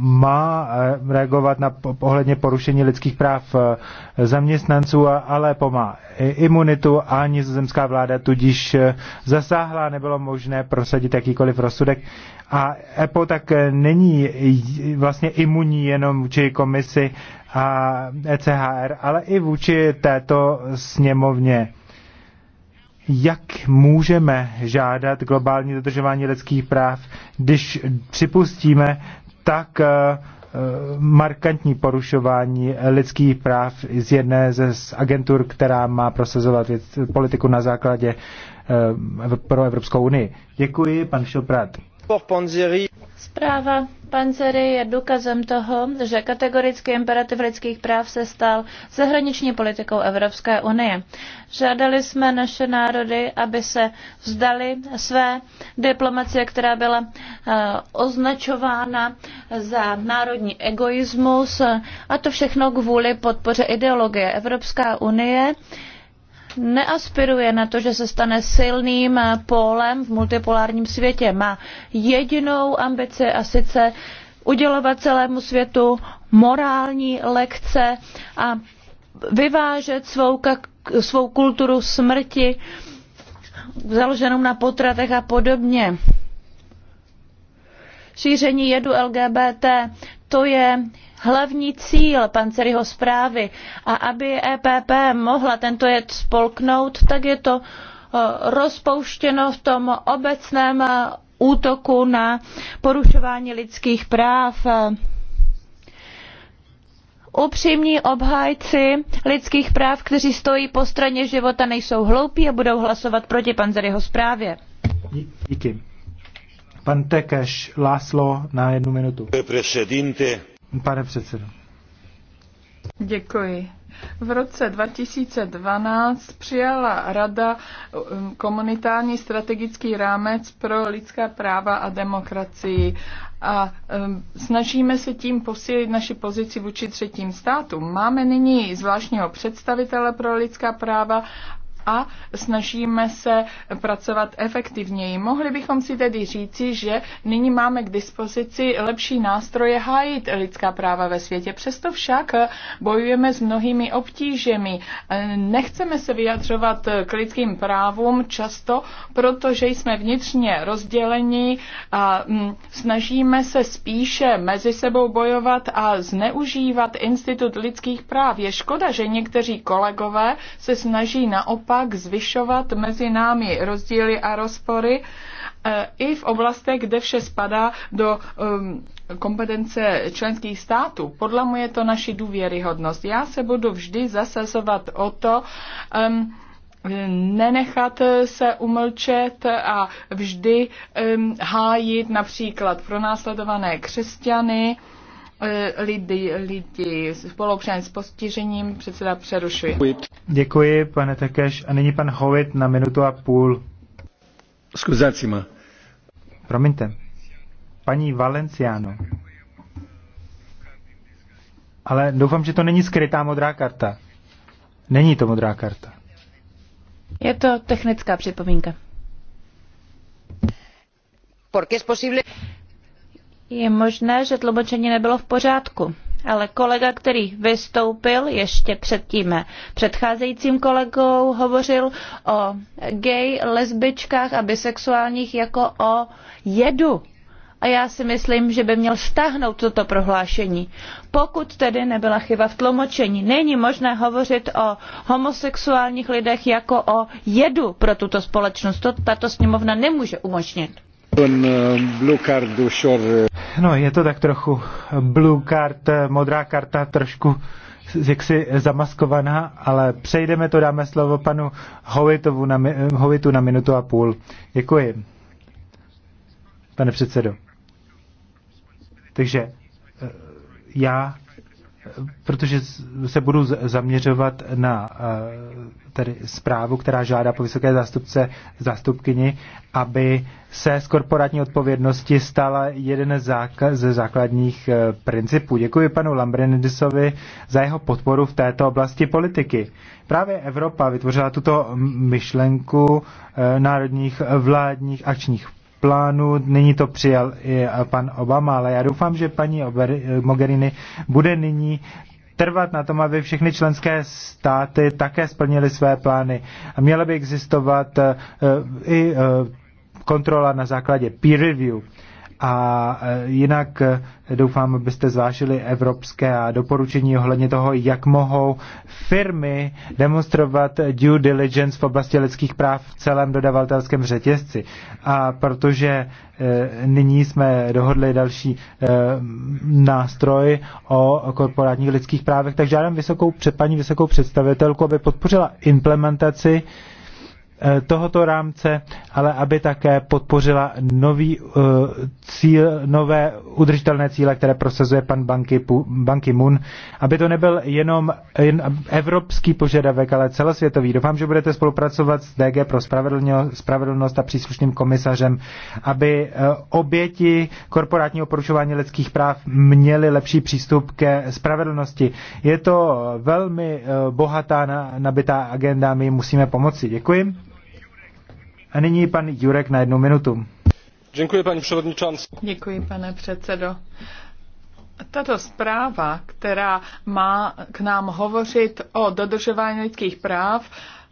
Speaker 2: má eh, reagovat na pohledně porušení lidských práv eh, zaměstnanců, ale EPO má imunitu a nizozemská vláda tudíž zasáhla, nebylo možné prosadit jakýkoliv rozsudek. A EPO tak není vlastně imunní jenom vůči komisi a ECHR, ale i vůči této sněmovně jak můžeme žádat globální dodržování lidských práv, když připustíme tak eh, eh, markantní porušování lidských práv z jedné ze agentur, která má prosazovat politiku na základě eh, pro Evropskou unii. Děkuji, pan Šoprat.
Speaker 1: Zpráva Panzery je důkazem toho, že kategorický imperativ lidských práv se stal zahraniční politikou Evropské unie. Žádali jsme naše národy, aby se vzdali své diplomacie, která byla eh, označována za národní egoismus a to všechno kvůli podpoře ideologie. Evropská unie neaspiruje na to, že se stane silným pólem v multipolárním světě. Má jedinou ambici a sice udělovat celému světu morální lekce a vyvážet svou, svou kulturu smrti založenou na potratech a podobně. Šíření jedu LGBT to je hlavní cíl Panceryho zprávy. A aby EPP mohla tento jed spolknout, tak je to eh, rozpouštěno v tom obecném eh, útoku na porušování lidských práv. Upřímní obhájci lidských práv, kteří stojí po straně života, nejsou hloupí a budou hlasovat proti Panzeryho zprávě.
Speaker 2: Díky. Pan Tekeš Láslo na jednu minutu. Pane předsedo.
Speaker 3: Děkuji. V roce 2012 přijala Rada um, komunitární strategický rámec pro lidská práva a demokracii a um, snažíme se tím posílit naši pozici vůči třetím státům. Máme nyní zvláštního představitele pro lidská práva a snažíme se pracovat efektivněji. Mohli bychom si tedy říci, že nyní máme k dispozici lepší nástroje hájit lidská práva ve světě. Přesto však bojujeme s mnohými obtížemi. Nechceme se vyjadřovat k lidským právům často, protože jsme vnitřně rozděleni a mm, snažíme se spíše mezi sebou bojovat a zneužívat institut lidských práv. Je škoda, že někteří kolegové se snaží naopak naopak zvyšovat mezi námi rozdíly a rozpory e, i v oblastech, kde vše spadá do um, kompetence členských států. je to naši důvěryhodnost. Já se budu vždy zasazovat o to, um, nenechat se umlčet a vždy um, hájit například pronásledované křesťany, E, lidi, lidi spolupřen s postižením. Předseda přerušuje.
Speaker 2: Děkuji, pane Tekeš. A nyní pan Hovit na minutu a půl. Skuzacima. Promiňte. Paní Valenciano. Ale doufám, že to není skrytá modrá karta. Není to modrá karta.
Speaker 1: Je to technická připomínka. Porque es posible je možné, že tlumočení nebylo v pořádku, ale kolega, který vystoupil ještě před tím předcházejícím kolegou, hovořil o gay, lesbičkách a bisexuálních jako o jedu. A já si myslím, že by měl stáhnout toto prohlášení. Pokud tedy nebyla chyba v tlumočení, není možné hovořit o homosexuálních lidech jako o jedu pro tuto společnost. To tato sněmovna nemůže umožnit.
Speaker 2: Eh, eh. No, je to tak trochu blue card, eh, modrá karta, trošku jaksi zamaskovaná, ale přejdeme to, dáme slovo panu Hovitovu na, Hovitu na minutu a půl. Děkuji, pane předsedo. Takže já protože se budu zaměřovat na eh, tedy zprávu, která žádá po vysoké zástupce, zástupkyni, aby se z korporátní odpovědnosti stala jeden ze základních eh, principů. Děkuji panu Lambrinidisovi za jeho podporu v této oblasti politiky. Právě Evropa vytvořila tuto myšlenku eh, národních vládních akčních plánu, nyní to přijal i eh, pan Obama, ale já doufám, že paní eh, Mogherini bude nyní trvat na tom, aby všechny členské státy také splnily své plány. A měla by existovat eh, i kontrola na základě peer review. A e, jinak e, doufám, abyste zvážili evropské a doporučení ohledně toho, jak mohou firmy demonstrovat due diligence v oblasti lidských práv v celém dodavatelském řetězci. A protože e, nyní jsme dohodli další nástroj o korporátních lidských právech, tak žádám vysokou, paní vysokou představitelku, aby podpořila implementaci Eh, tohoto rámce, ale aby také podpořila nový eh, cíl, nové udržitelné cíle, které prosazuje pan Banky, Banky Moon, aby to nebyl jenom evropský požadavek, ale celosvětový. Doufám, že budete spolupracovat s DG pro spravedlnost a příslušným komisařem, aby eh, oběti korporátního porušování lidských práv měly lepší přístup ke spravedlnosti. Je to velmi bohatá, nabitá agenda, my musíme pomoci. Děkuji. A nyní pan Jurek na jednu minutu.
Speaker 3: Děkuji, paní
Speaker 4: předsedající.
Speaker 3: Děkuji, pane předsedo. Tato zpráva, která má k nám hovořit o dodržování lidských práv,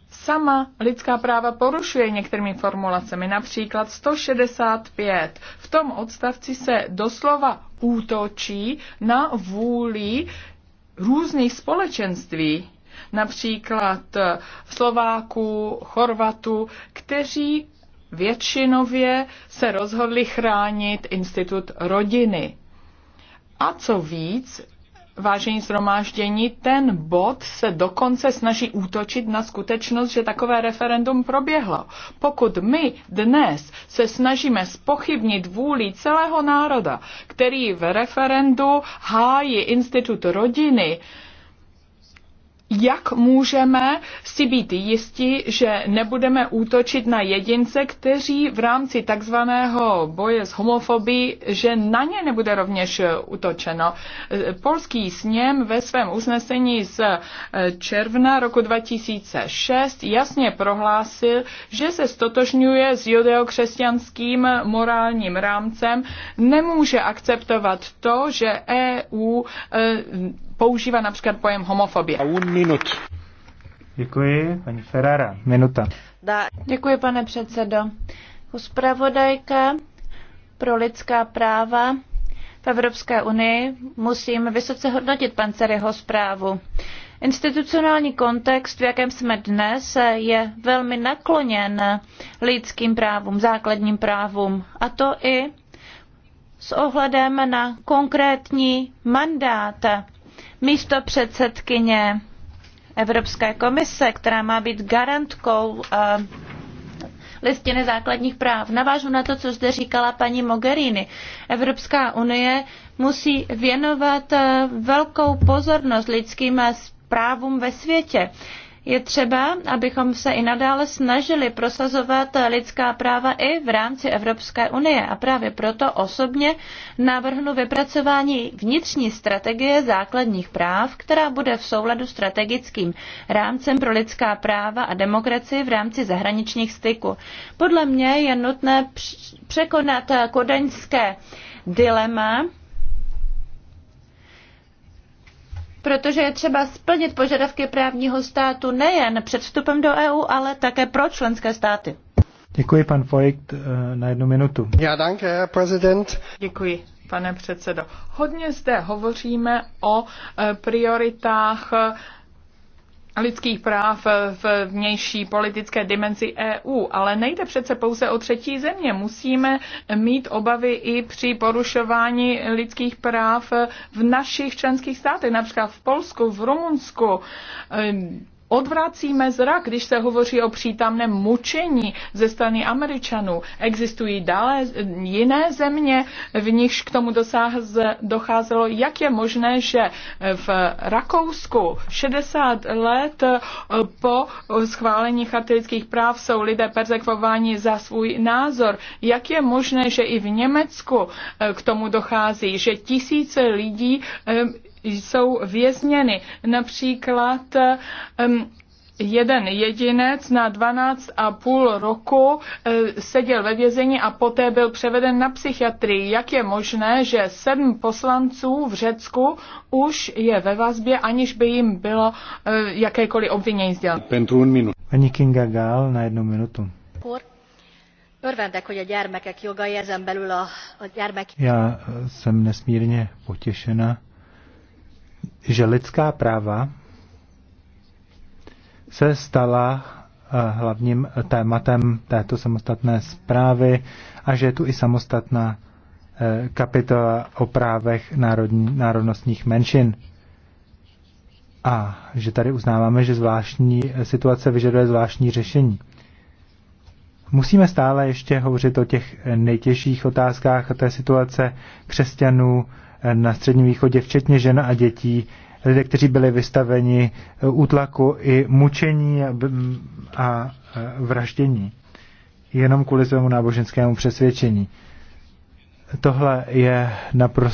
Speaker 3: sama lidská práva porušuje některými formulacemi, například 165. V tom odstavci se doslova útočí na vůli různých společenství například eh, Slováků, Chorvatů, kteří většinově se rozhodli chránit institut rodiny. A co víc, vážení zhromáždění, ten bod se dokonce snaží útočit na skutečnost, že takové referendum proběhlo. Pokud my dnes se snažíme spochybnit vůli celého národa, který v referendu hájí institut rodiny, jak můžeme si být jisti, že nebudeme útočit na jedince, kteří v rámci takzvaného boje s homofobií, že na ně nebude rovněž útočeno. Polský sněm ve svém usnesení z eh, června roku 2006 jasně prohlásil, že se stotožňuje s judeokřesťanským morálním rámcem, nemůže akceptovat to, že EU eh, používá například pojem homofobie. minut.
Speaker 2: Děkuji, paní Ferrara. Minuta.
Speaker 3: Da. Děkuji, pane předsedo. Zpravodajka
Speaker 1: pro lidská práva v Evropské unii musím vysoce hodnotit Panceryho zprávu. Institucionální kontext, v jakém jsme dnes, je velmi nakloněn lidským právům, základním právům, a to i s ohledem na konkrétní mandát místo předsedkyně Evropské komise, která má být garantkou eh, listiny základních práv. Navážu na to, co zde říkala paní Mogherini. Evropská unie musí věnovat eh, velkou pozornost lidským eh, právům ve světě. Je třeba, abychom se i nadále snažili prosazovat lidská práva i v rámci Evropské unie. A právě proto osobně navrhnu vypracování vnitřní strategie základních práv, která bude v souladu strategickým rámcem pro lidská práva a demokracii v rámci zahraničních styků. Podle mě je nutné překonat kodaňské dilema, protože je třeba splnit požadavky právního státu nejen před
Speaker 3: vstupem do EU, ale také pro členské státy.
Speaker 2: Děkuji, pan Vojt, eh, na jednu minutu.
Speaker 3: Já danke, eh, prezident. Děkuji, pane předsedo. Hodně zde hovoříme o eh, prioritách lidských práv v vnější politické dimenzi EU, ale nejde přece pouze o třetí země. Musíme mít obavy i při porušování lidských práv v našich členských státech, například v Polsku, v Rumunsku ehm, odvracíme zrak, když se hovoří o přítamném mučení ze strany Američanů. Existují dále jiné země, v nichž k tomu docházelo. Jak je možné, že v Rakousku 60 let eh, po schválení charakteristických práv jsou lidé persekvováni za svůj názor? Jak je možné, že i v Německu eh, k tomu dochází, že tisíce lidí eh, jsou vězněny. Například jeden jedinec na 12 a půl roku eh, seděl ve vězení a poté byl převeden na psychiatrii. Jak je možné, že sedm poslanců v Řecku už je ve vazbě, aniž by jim bylo eh, jakékoliv obvinění
Speaker 2: sděleno? minut. Pani Kinga Gál na jednu minutu. Já eh, jsem nesmírně potěšena že lidská práva se stala eh, hlavním tématem této samostatné zprávy a že je tu i samostatná eh, kapitola o právech národní, národnostních menšin. A že tady uznáváme, že zvláštní situace vyžaduje zvláštní řešení. Musíme stále ještě hovořit o těch nejtěžších otázkách a té situace křesťanů, na Středním východě, včetně žen a dětí, lidé, kteří byli vystaveni eh, útlaku i mučení a eh, vraždění jenom kvůli svému náboženskému přesvědčení. Tohle je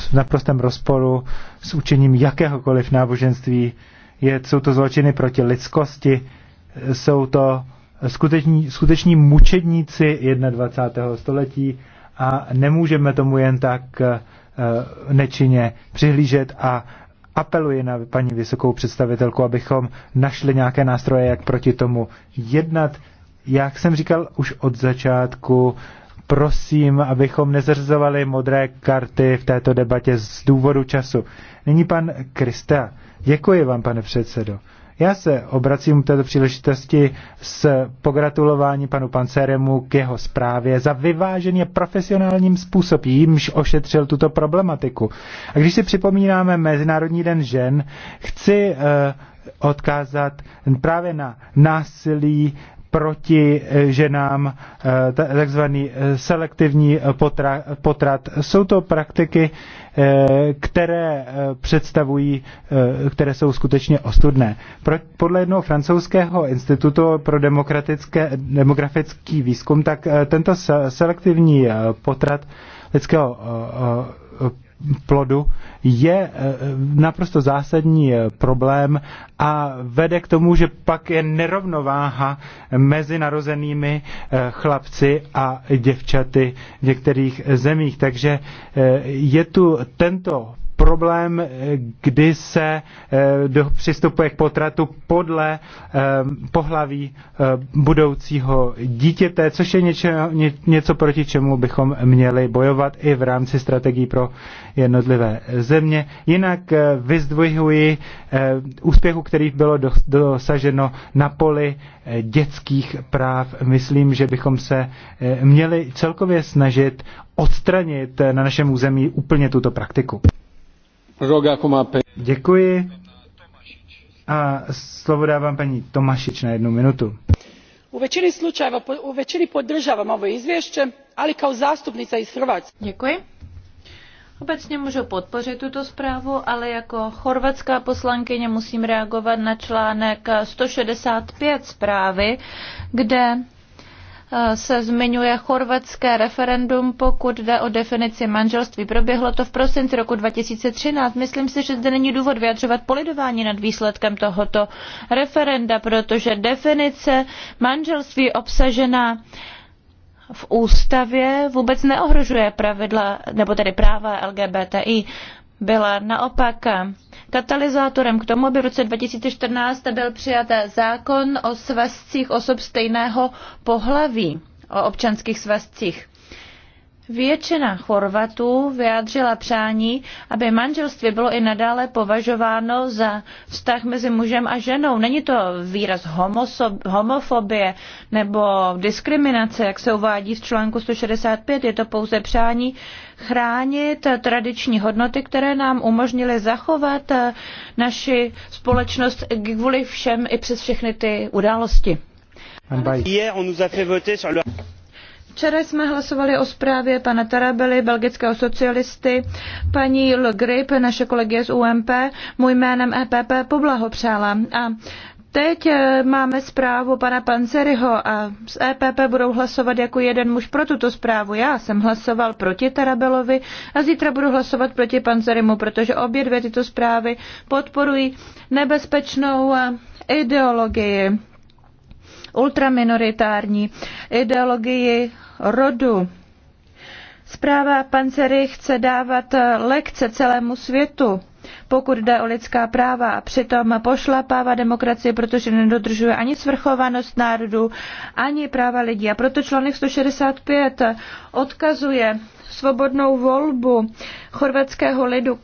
Speaker 2: v naprostém rozporu s učením jakéhokoliv náboženství. Je, jsou to zločiny proti lidskosti, jsou to skuteční, skuteční mučedníci 21. století a nemůžeme tomu jen tak eh, Eh, nečině přihlížet a apeluji na paní vysokou představitelku, abychom našli nějaké nástroje, jak proti tomu jednat. Jak jsem říkal už od začátku, prosím, abychom nezařizovali modré karty v této debatě z důvodu času. Nyní pan Krista. Děkuji vám, pane předsedo. Já se obracím k této příležitosti s pogratulování panu Panceremu k jeho zprávě za vyváženě profesionálním způsob, jímž ošetřil tuto problematiku. A když si připomínáme Mezinárodní den žen, chci uh, odkázat právě na násilí proti eh, ženám, eh, takzvaný eh, selektivní potrat. Jsou to praktiky, které představují, které jsou skutečně ostudné. Podle jednoho francouzského institutu pro demokratické, demografický výzkum, tak tento selektivní potrat lidského plodu je eh, naprosto zásadní eh, problém a vede k tomu, že pak je nerovnováha mezi narozenými eh, chlapci a děvčaty v některých zemích. Takže je tu tento problém, eh, kdy se eh, do, přistupuje k potratu podle eh, pohlaví budoucího dítěte, což je něče, ně, něco, proti čemu bychom měli bojovat i v rámci strategií pro jednotlivé země. Jinak vyzdvihuji úspěchu, který bylo dosaženo na poli dětských práv. Myslím, že bychom se měli celkově snažit odstranit na našem území úplně tuto praktiku.
Speaker 4: Jako
Speaker 2: Děkuji. A slovo dávám paní Tomašič na jednu minutu.
Speaker 3: U většiny slučajeva, u většiny podržávám ovo izvješće, ali kao zástupnice
Speaker 1: iz Hrvatske. Děkuji. Obecně můžu podpořit tuto zprávu, ale jako chorvatská poslankyně musím reagovat na článek 165 zprávy, kde Eh, se zmiňuje chorvatské referendum, pokud jde o definici manželství. Proběhlo to v prosinci roku 2013. Myslím si, že zde není důvod vyjadřovat polidování nad výsledkem tohoto referenda, protože definice manželství obsažená v ústavě vůbec neohrožuje pravidla, nebo tedy práva LGBTI. Byla naopak katalyzátorem k tomu, aby v roce 2014 byl přijat zákon o svazcích osob stejného pohlaví, o občanských svazcích. Většina Chorvatů vyjádřila přání, aby manželství bylo i nadále považováno za vztah mezi mužem a ženou. Není to výraz homofobie nebo diskriminace, jak se uvádí v článku 165. Je to pouze přání chránit tradiční hodnoty, které nám umožnily zachovat naši společnost kvůli všem i přes všechny ty události.
Speaker 2: Hier, on nous a fait voter sur le...
Speaker 1: Včera jsme hlasovali o zprávě pana Tarabely, belgického socialisty, paní Le Grip, naše kolegie z UMP, můj jménem EPP poblahopřála. A Teď eh, máme zprávu pana Panzeriho a z EPP budou hlasovat jako jeden muž pro tuto zprávu. Já jsem hlasoval proti Tarabelovi a zítra budu hlasovat proti Panzerimu, protože obě dvě tyto zprávy podporují nebezpečnou eh, ideologii ultraminoritární ideologii rodu. Zpráva Pancery chce dávat lekce celému světu, pokud jde o lidská práva a přitom pošlapává demokracii, protože nedodržuje ani svrchovanost národů, ani práva lidí. A proto článek 165 odkazuje svobodnou volbu chorvatského lidu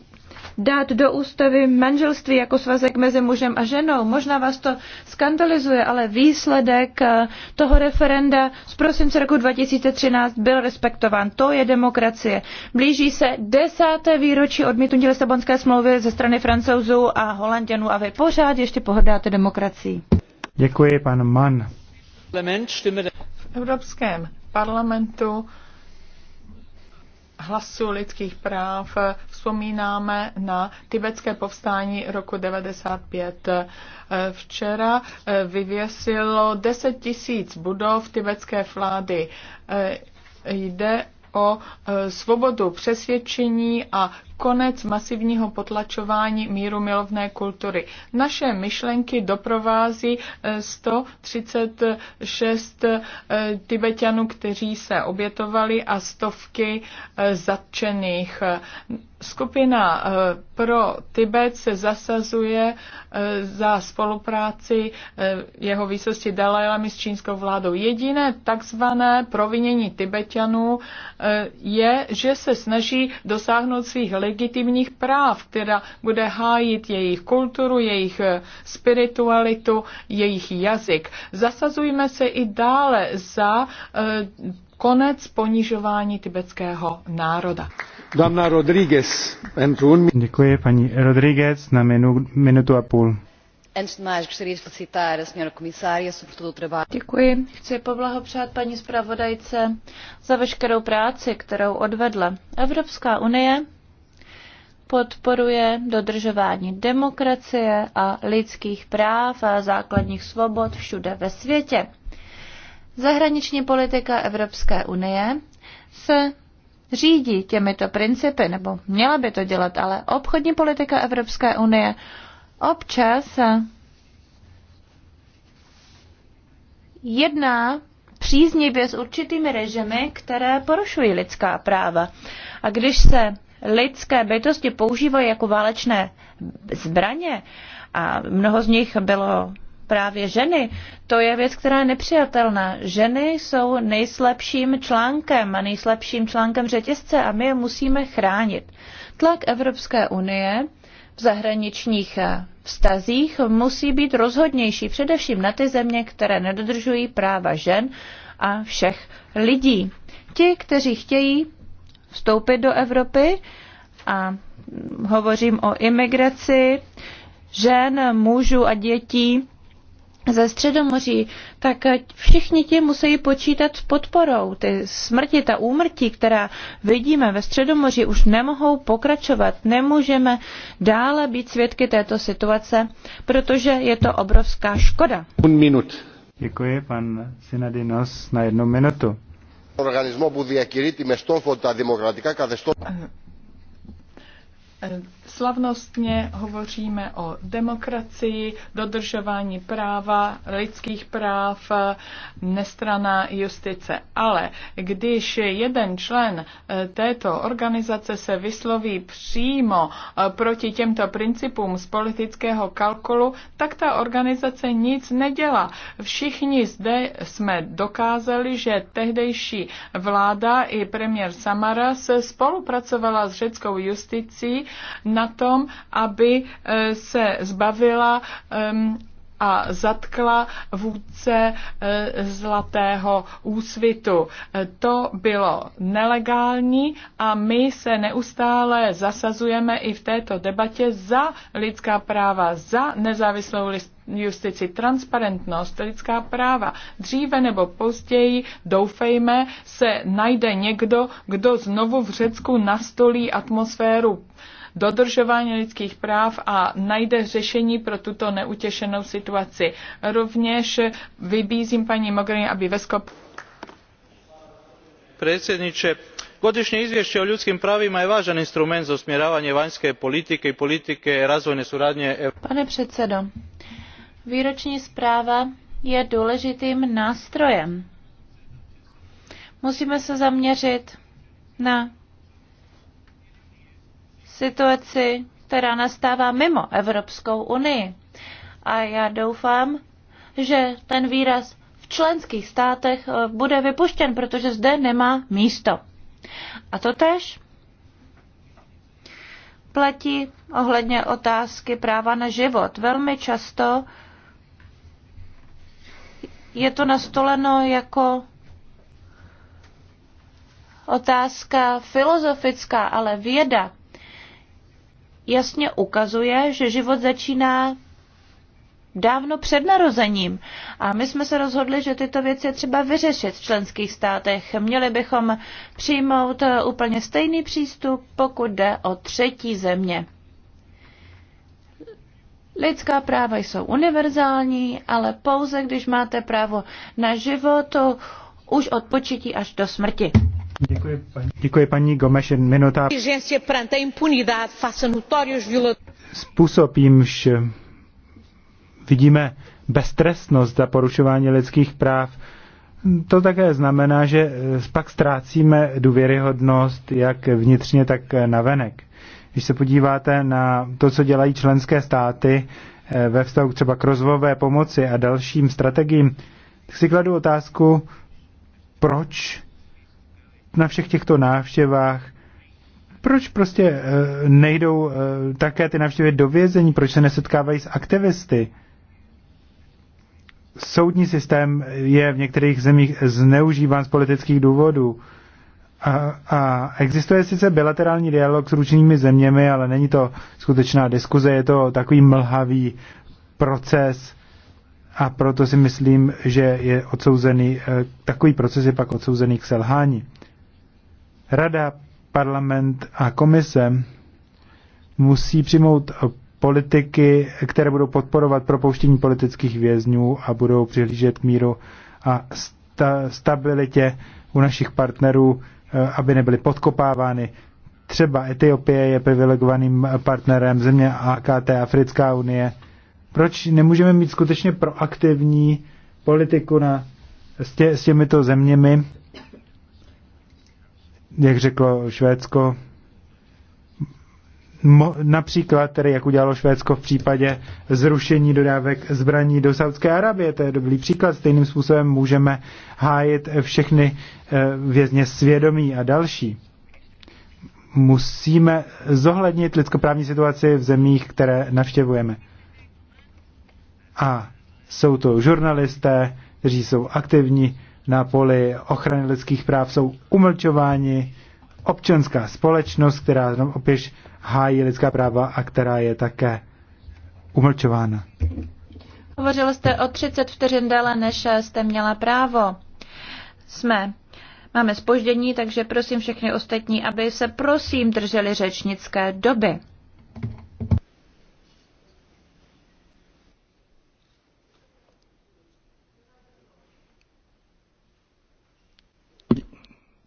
Speaker 1: dát do ústavy manželství jako svazek mezi mužem a ženou. Možná vás to skandalizuje, ale výsledek eh, toho referenda z prosince roku 2013 byl respektován. To je demokracie. Blíží se desáté výročí odmítnutí Lisabonské smlouvy ze strany francouzů a holanděnů a vy pořád ještě pohodáte demokracií.
Speaker 2: Děkuji, pan Mann.
Speaker 3: V Evropském parlamentu hlasu lidských práv vzpomínáme na tibetské povstání roku 95. Včera eh, vyvěsilo 10 tisíc budov tibetské vlády. Eh, jde o eh, svobodu přesvědčení a konec masivního potlačování míru milovné kultury. Naše myšlenky doprovází 136 eh, eh, Tibetanů, kteří se obětovali a stovky eh, zatčených. Skupina pro Tibet se zasazuje za spolupráci jeho výsosti Dalajlami s čínskou vládou. Jediné takzvané provinění Tibetanů je, že se snaží dosáhnout svých lidí legitimních práv, která bude hájit jejich kulturu, jejich eh, spiritualitu, jejich jazyk. Zasazujme se i dále za eh, konec ponižování tibetského národa.
Speaker 2: Dana Rodriguez, un... Děkuji paní Rodriguez na minu, minutu a půl.
Speaker 1: Děkuji. Chci poblahopřát paní zpravodajce za veškerou práci, kterou odvedla. Evropská unie podporuje dodržování demokracie a lidských práv a základních svobod všude ve světě. Zahraniční politika Evropské unie se řídí těmito principy, nebo měla by to dělat, ale obchodní politika Evropské unie občas jedná příznivě s určitými režimy, které porušují lidská práva. A když se lidské bytosti používají jako válečné zbraně a mnoho z nich bylo právě ženy, to je věc, která je nepřijatelná. Ženy jsou nejslabším článkem a nejslabším článkem řetězce a my je musíme chránit. Tlak Evropské unie v zahraničních vztazích musí být rozhodnější, především na ty země, které nedodržují práva žen a všech lidí. Ti, kteří chtějí vstoupit do Evropy a hovořím o imigraci žen, mužů a dětí ze Středomoří, tak všichni ti musí počítat s podporou. Ty smrti, ta úmrtí, která vidíme ve Středomoří, už nemohou pokračovat. Nemůžeme dále být svědky této situace, protože je to obrovská škoda.
Speaker 2: Un minut. Děkuji, pan Sinadinos, na jednu minutu
Speaker 4: οργανισμό που διακηρύττει με στόχο τα δημοκρατικά καθεστώτα.
Speaker 3: Slavnostně hovoříme o demokracii, dodržování práva, lidských práv, nestraná justice. Ale když jeden člen eh, této organizace se vysloví přímo eh, proti těmto principům z politického kalkulu, tak ta organizace nic nedělá. Všichni zde jsme dokázali, že tehdejší vláda i premiér Samaras spolupracovala s řeckou justicí, na tom, aby eh, se zbavila a zatkla vůdce eh, zlatého úsvitu. Eh, to bylo nelegální a my se neustále zasazujeme i v této debatě za lidská práva, za nezávislou justici, transparentnost, lidská práva. Dříve nebo později, doufejme, se najde někdo, kdo znovu v Řecku nastolí atmosféru dodržování lidských práv a najde řešení pro tuto neutěšenou situaci. Rovněž vybízím paní Mogherini, aby ve skop...
Speaker 2: predsjednie godišnje izvješće o ljudskim pravima je važan instrument za usmjeravanje vanjske politike i politike razvojne suradnje
Speaker 1: pane předsedo výroční zpráva je důležitým nástrojem musíme se zaměřit na situaci, která nastává mimo Evropskou unii. A já doufám, že ten výraz v členských státech eh, bude vypuštěn, protože zde nemá místo. A to tež platí ohledně otázky práva na život. Velmi často je to nastoleno jako otázka filozofická, ale věda jasně ukazuje, že život začíná dávno před narozením. A my jsme se rozhodli, že tyto věci je třeba vyřešit v členských státech. Měli bychom přijmout eh, úplně stejný přístup, pokud jde o třetí země. Lidská práva jsou univerzální, ale pouze když máte právo na život už od početí až do smrti.
Speaker 2: Děkuji paní, děkuji paní Gomeš, minuta. Způsob, jimž vidíme beztrestnost za porušování lidských práv, to také znamená, že pak ztrácíme důvěryhodnost jak vnitřně, tak navenek. Když se podíváte na to, co dělají členské státy eh, ve vztahu třeba k rozvojové pomoci a dalším strategiím, tak si kladu otázku, proč na všech těchto návštěvách, proč prostě eh, nejdou eh, také ty návštěvy do vězení, proč se nesetkávají s aktivisty? Soudní systém je v některých zemích zneužíván z politických důvodů. A, a existuje sice bilaterální dialog s ručenými zeměmi, ale není to skutečná diskuze, je to takový mlhavý proces a proto si myslím, že je odsouzený, eh, takový proces je pak odsouzený k selhání. Rada, parlament a komise musí přijmout politiky, které budou podporovat propouštění politických vězňů a budou přihlížet k míru a sta- stabilitě u našich partnerů, eh, aby nebyly podkopávány. Třeba Etiopie je privilegovaným partnerem země AKT, Africká unie. Proč nemůžeme mít skutečně proaktivní politiku na, s, tě, s těmito zeměmi? jak řeklo Švédsko, například tedy, jak udělalo Švédsko v případě zrušení dodávek zbraní do Saudské Arabie. To je dobrý příklad. Stejným způsobem můžeme hájit všechny eh, vězně svědomí a další. Musíme zohlednit lidskoprávní situaci v zemích, které navštěvujeme. A jsou to žurnalisté, kteří jsou aktivní na poli ochrany lidských práv jsou umlčováni. Občanská společnost, která opět hájí lidská práva a která je také umlčována.
Speaker 1: Hovořil jste o 30 vteřin déle, než jste měla právo. Jsme. Máme spoždění, takže prosím všechny ostatní, aby se prosím drželi řečnické doby.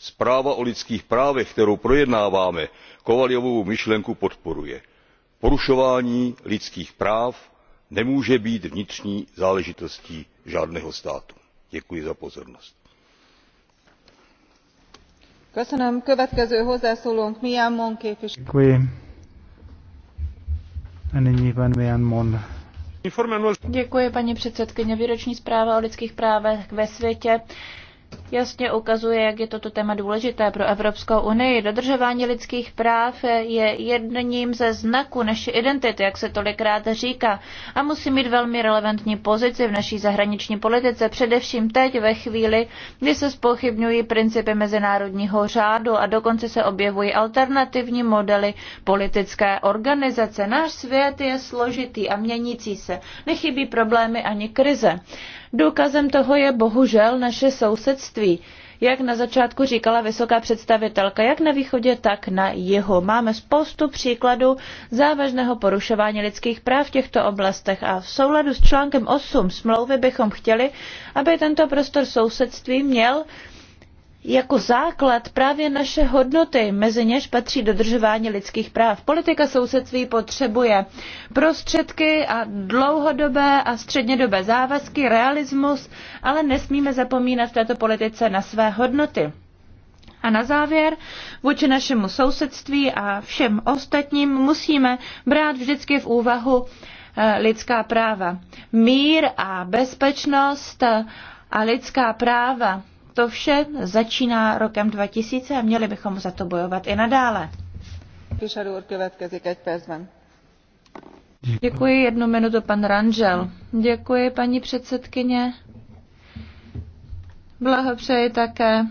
Speaker 4: zpráva o lidských právech kterou projednáváme kovaljovuvu myšlenku podporuje. porušování lidských práv nemůže být vnitřní záležitostí žádného státu. děkuji za pozornost.
Speaker 2: Děkuji. A nyní pan Mian Mon.
Speaker 1: Děkuji, paní předsedkyně. Výroční zpráva o lidských právech ve světě jasně ukazuje, jak je toto téma důležité pro Evropskou unii. Dodržování lidských práv je jedním ze znaků naší identity, jak se tolikrát říká, a musí mít velmi relevantní pozici v naší zahraniční politice, především teď ve chvíli, kdy se spochybňují principy mezinárodního řádu a dokonce se objevují alternativní modely politické organizace. Náš svět je složitý a měnící se. Nechybí problémy ani krize. Důkazem toho je bohužel naše sousedství. Jak na začátku říkala vysoká představitelka, jak na východě, tak na jihu. Máme spoustu příkladů závažného porušování lidských práv v těchto oblastech a v souladu s článkem 8 smlouvy bychom chtěli, aby tento prostor sousedství měl jako základ právě naše hodnoty, mezi něž patří dodržování lidských práv. Politika sousedství potřebuje prostředky a dlouhodobé a střednědobé závazky, realismus, ale nesmíme zapomínat v této politice na své hodnoty. A na závěr, vůči našemu sousedství a všem ostatním musíme brát vždycky v úvahu eh, lidská práva. Mír a bezpečnost eh, a lidská práva to vše začíná rokem 2000 a měli bychom za to bojovat i nadále. Děkuji jednu minutu, pan Ranžel. Děkuji, paní předsedkyně. Blahopřeji také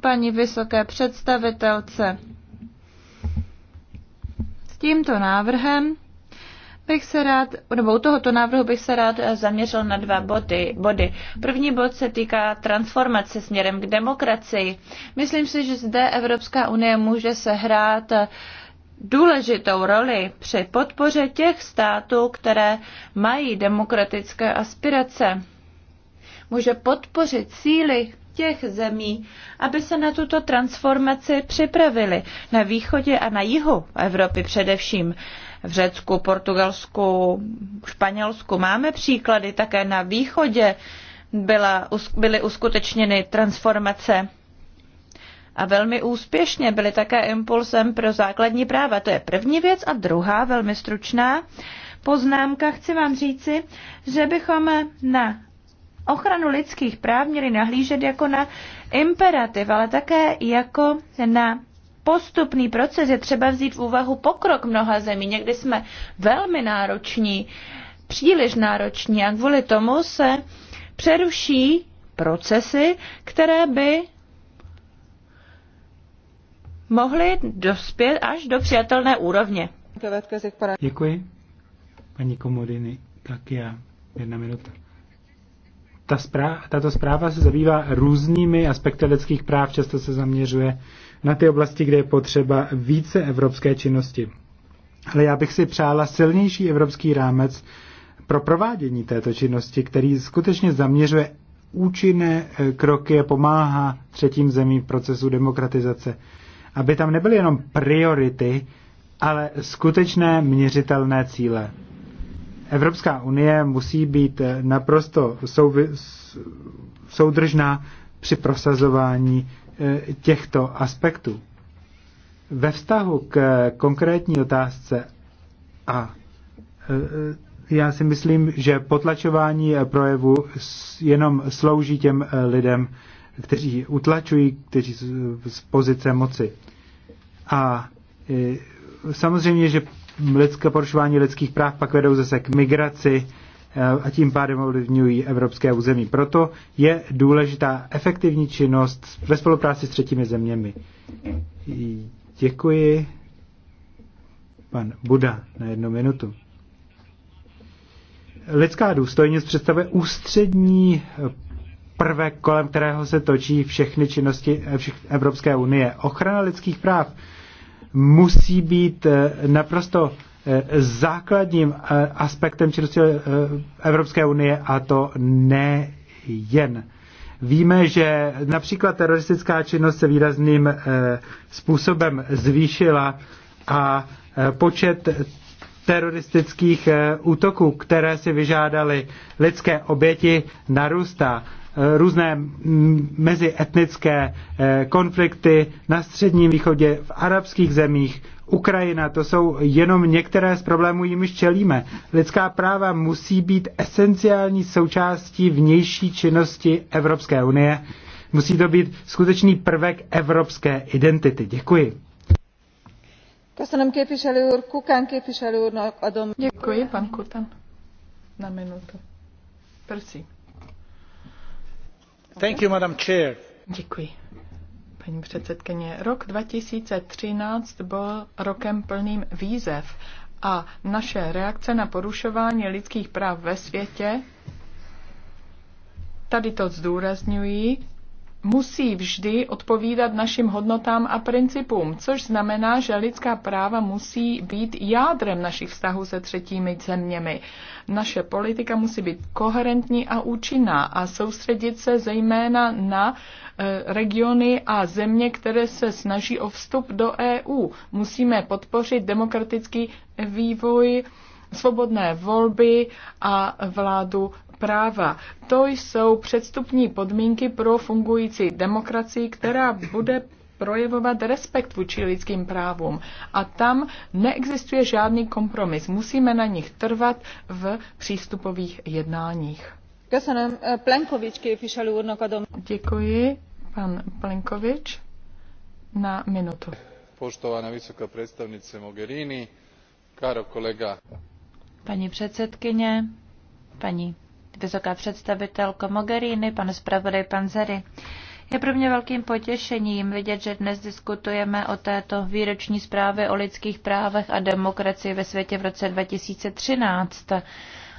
Speaker 1: paní vysoké představitelce. S tímto návrhem bych se rád, nebo u tohoto návrhu bych se rád eh, zaměřil na dva body. body. První bod se týká transformace směrem k demokracii. Myslím si, že zde Evropská unie může sehrát eh, důležitou roli při podpoře těch států, které mají demokratické aspirace. Může podpořit síly těch zemí, aby se na tuto transformaci připravili na východě a na jihu Evropy především v Řecku, Portugalsku, Španělsku. Máme příklady také na východě, byla, byly uskutečněny transformace a velmi úspěšně byly také impulsem pro základní práva. To je první věc. A druhá, velmi stručná poznámka, chci vám říci, že bychom na ochranu lidských práv měli nahlížet jako na imperativ, ale také jako na postupný proces, je třeba vzít v úvahu pokrok mnoha zemí. Někdy jsme velmi nároční, příliš nároční a kvůli tomu se přeruší procesy, které by mohly dospět až do přijatelné úrovně.
Speaker 2: Děkuji. Paní Komodiny, tak já. Jedna minuta. Ta zpráva, tato zpráva se zabývá různými aspekty lidských práv, často se zaměřuje na ty oblasti, kde je potřeba více evropské činnosti. Ale já bych si přála silnější evropský rámec pro provádění této činnosti, který skutečně zaměřuje účinné eh, kroky a pomáhá třetím zemím v procesu demokratizace. Aby tam nebyly jenom priority, ale skutečné měřitelné cíle. Evropská unie musí být eh, naprosto souvi- soudržná při prosazování těchto aspektů. Ve vztahu k konkrétní otázce a e, já si myslím, že potlačování projevu jenom slouží těm e, lidem, kteří utlačují, kteří z pozice moci. A e, samozřejmě, že lidské porušování lidských práv pak vedou zase k migraci a tím pádem ovlivňují evropské území. Proto je důležitá efektivní činnost ve spolupráci s třetími zeměmi. Děkuji. Pan Buda na jednu minutu. Lidská důstojnost představuje ústřední prvek, kolem kterého se točí všechny činnosti Evropské unie. Ochrana lidských práv musí být naprosto Eh, základním eh, aspektem činnosti eh, Evropské unie a to nejen. Víme, že například teroristická činnost se výrazným způsobem zvýšila a počet teroristických útoků, které si vyžádaly lidské oběti, narůstá. Různé mezietnické konflikty na Středním východě, v arabských zemích, Ukrajina, to jsou jenom některé z problémů, jimiž čelíme. Lidská práva musí být esenciální součástí vnější činnosti Evropské unie. Musí to být skutečný prvek evropské identity. Děkuji.
Speaker 1: Děkuji, pan
Speaker 3: Kutan. Na minutu. Prosím. Thank you, Madam Chair. Děkuji paní předsedkyně. Rok 2013 byl rokem plným výzev a naše reakce na porušování lidských práv ve světě, tady to zdůrazňují, musí vždy odpovídat našim hodnotám a principům, což znamená, že lidská práva musí být jádrem našich vztahů se třetími zeměmi. Naše politika musí být koherentní a účinná a soustředit se zejména na e, regiony a země, které se snaží o vstup do EU. Musíme podpořit demokratický vývoj svobodné volby a vládu práva. To jsou předstupní podmínky pro fungující demokracii, která bude projevovat respekt vůči lidským právům. A tam neexistuje žádný kompromis. Musíme na nich trvat v přístupových jednáních. Děkuji, pan Plenkovič, na minutu.
Speaker 4: Poštovaná vysoká představnice Mogherini, karo kolega.
Speaker 1: Paní předsedkyně, paní vysoká představitelko Mogherini, pane zpravodaj Panzery. Je pro mě velkým potěšením vidět, že dnes diskutujeme o této výroční zprávě o lidských právech a demokracii ve světě v roce 2013.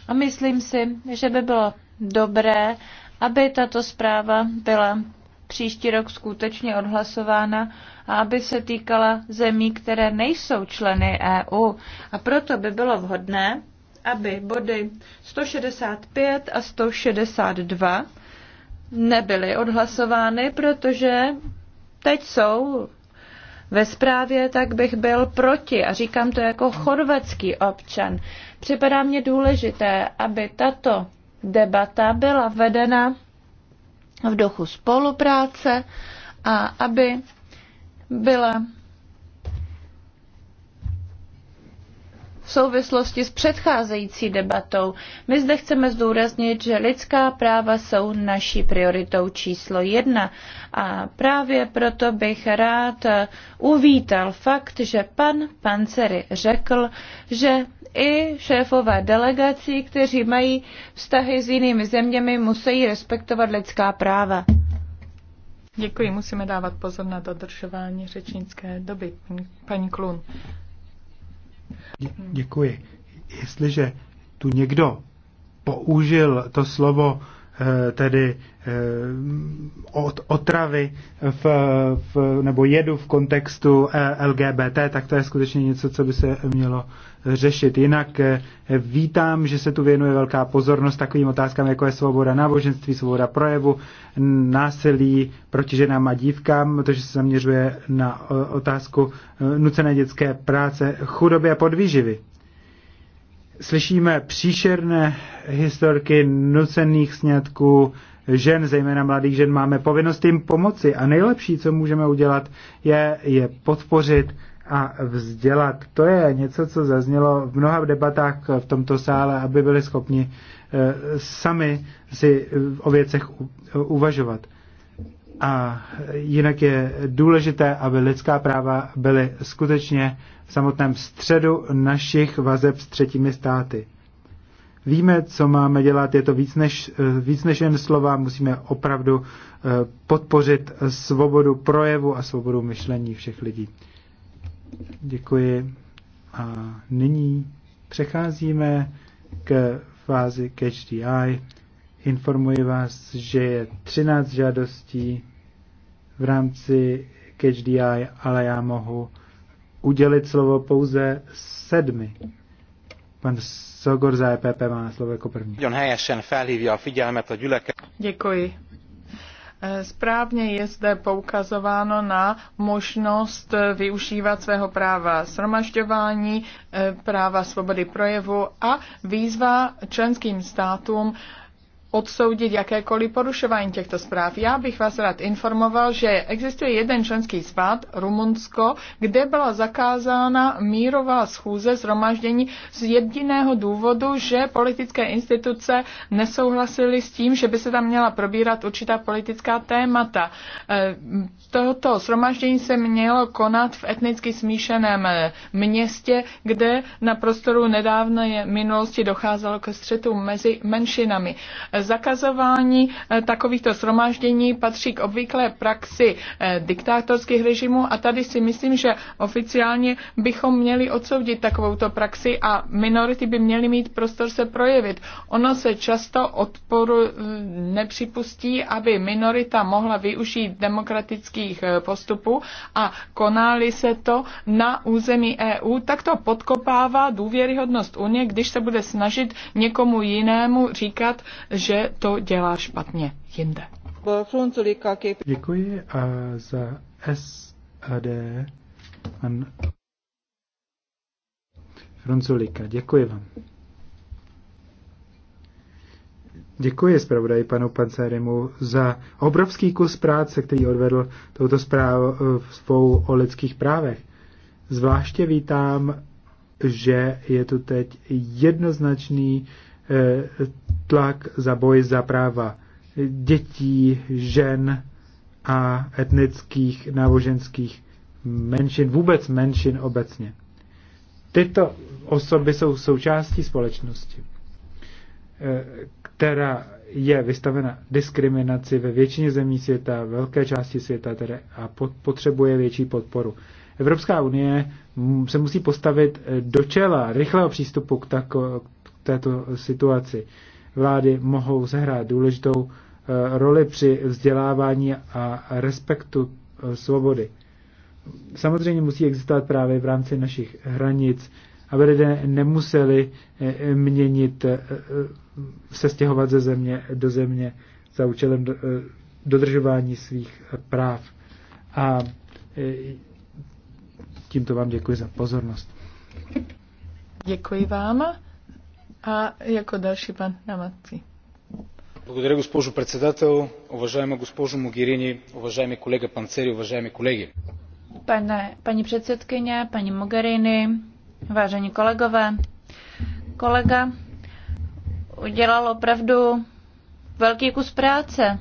Speaker 1: A myslím si, že by bylo dobré, aby tato zpráva byla příští rok skutečně odhlasována a aby se týkala zemí, které nejsou členy EU. A proto by bylo vhodné, aby body 165 a 162 nebyly odhlasovány, protože teď jsou ve zprávě, tak bych byl proti. A říkám to jako chorvatský občan. Připadá mně důležité, aby tato debata byla vedena v duchu spolupráce a aby byla v souvislosti s předcházející debatou. My zde chceme zdůraznit, že lidská práva jsou naší prioritou číslo jedna. A právě proto bych rád uvítal fakt, že pan Pancery řekl, že i šéfové delegací, kteří mají vztahy s jinými zeměmi, musí respektovat lidská
Speaker 3: práva. Děkuji, musíme dávat pozor na dodržování řečnické doby. Paní Klun,
Speaker 2: Děkuji. Jestliže tu někdo použil to slovo Eh, tedy eh, od, otravy v, v, nebo jedu v kontextu eh, LGBT, tak to je skutečně něco, co by se mělo řešit. Jinak vítám, že se tu věnuje velká pozornost takovým otázkám, jako je svoboda náboženství, svoboda projevu, násilí proti ženám a dívkám, to, se zaměřuje na otázku nucené dětské práce, chudoby a podvýživy. Slyšíme příšerné historky nucených snědků žen, zejména mladých žen, máme povinnost jim pomoci a nejlepší, co můžeme udělat, je je podpořit a vzdělat. To je něco, co zaznělo v mnoha debatách v tomto sále, aby byli schopni eh, sami si o věcech uvažovat. A jinak je důležité, aby lidská práva byly skutečně samotném středu našich vazeb s třetími státy. Víme, co máme dělat, je to víc než, eh, víc než jen slova, musíme opravdu eh, podpořit svobodu projevu a svobodu myšlení všech lidí. Děkuji. A nyní přecházíme k fázi HDI. Informuji vás, že je 13 žádostí v rámci HDI, ale já mohu udělit slovo pouze sedmi. Pan Sogor za EPP má slovo jako první.
Speaker 3: Děkuji. Eh, správně je zde poukazováno na možnost eh, využívat svého práva sromažďování, eh, práva svobody projevu a výzva členským státům odsoudit jakékoliv porušování těchto zpráv. Já bych vás rád informoval, že existuje jeden členský stát, Rumunsko, kde byla zakázána mírová schůze zhromaždění z jediného důvodu, že politické instituce nesouhlasily s tím, že by se tam měla probírat určitá politická témata. E, Toto zhromaždění se mělo konat v etnicky smíšeném e, městě, kde na prostoru nedávné minulosti docházelo ke střetům mezi menšinami Zakazování eh, takovýchto shromáždění patří k obvyklé praxi eh, diktátorských režimů a tady si myslím, že oficiálně bychom měli odsoudit takovouto praxi a minority by měly mít prostor se projevit. Ono se často odporu eh, nepřipustí, aby minorita mohla využít demokratických postupů a konáli se to na území EU, tak to podkopává důvěryhodnost Unie, když se bude snažit někomu jinému říkat, že že to dělá špatně jinde.
Speaker 2: Děkuji a za SAD pan Fronculika. Děkuji vám. Děkuji zpravodaji panu Pancerimu za obrovský kus práce, který odvedl touto svou o lidských právech. Zvláště vítám, že je tu teď jednoznačný tlak za boj za práva dětí, žen a etnických náboženských menšin, vůbec menšin obecně. Tyto osoby jsou součástí společnosti, eh, která je vystavena diskriminaci ve většině zemí světa, velké části světa tedy, a potřebuje větší podporu. Evropská unie se musí postavit do čela rychlého přístupu k, tako, této situaci. Vlády mohou zahrát důležitou eh, roli při vzdělávání a respektu eh, svobody. Samozřejmě musí existovat právě v rámci našich hranic, aby lidé nemuseli eh, měnit, se stěhovat ze země do země za účelem dodržování svých práv. A tímto vám děkuji za pozornost.
Speaker 3: Děkuji vám. A jako další pan Namatsi.
Speaker 2: Благодаря, госпожо председател. Уважаема госпожо Могирини, уважаеми колега Панцери, уважаеми колеги.
Speaker 3: Пане, пани
Speaker 1: председкиня, пани Могирини, vážení колегове, колега udělal opravdu velký kus práce,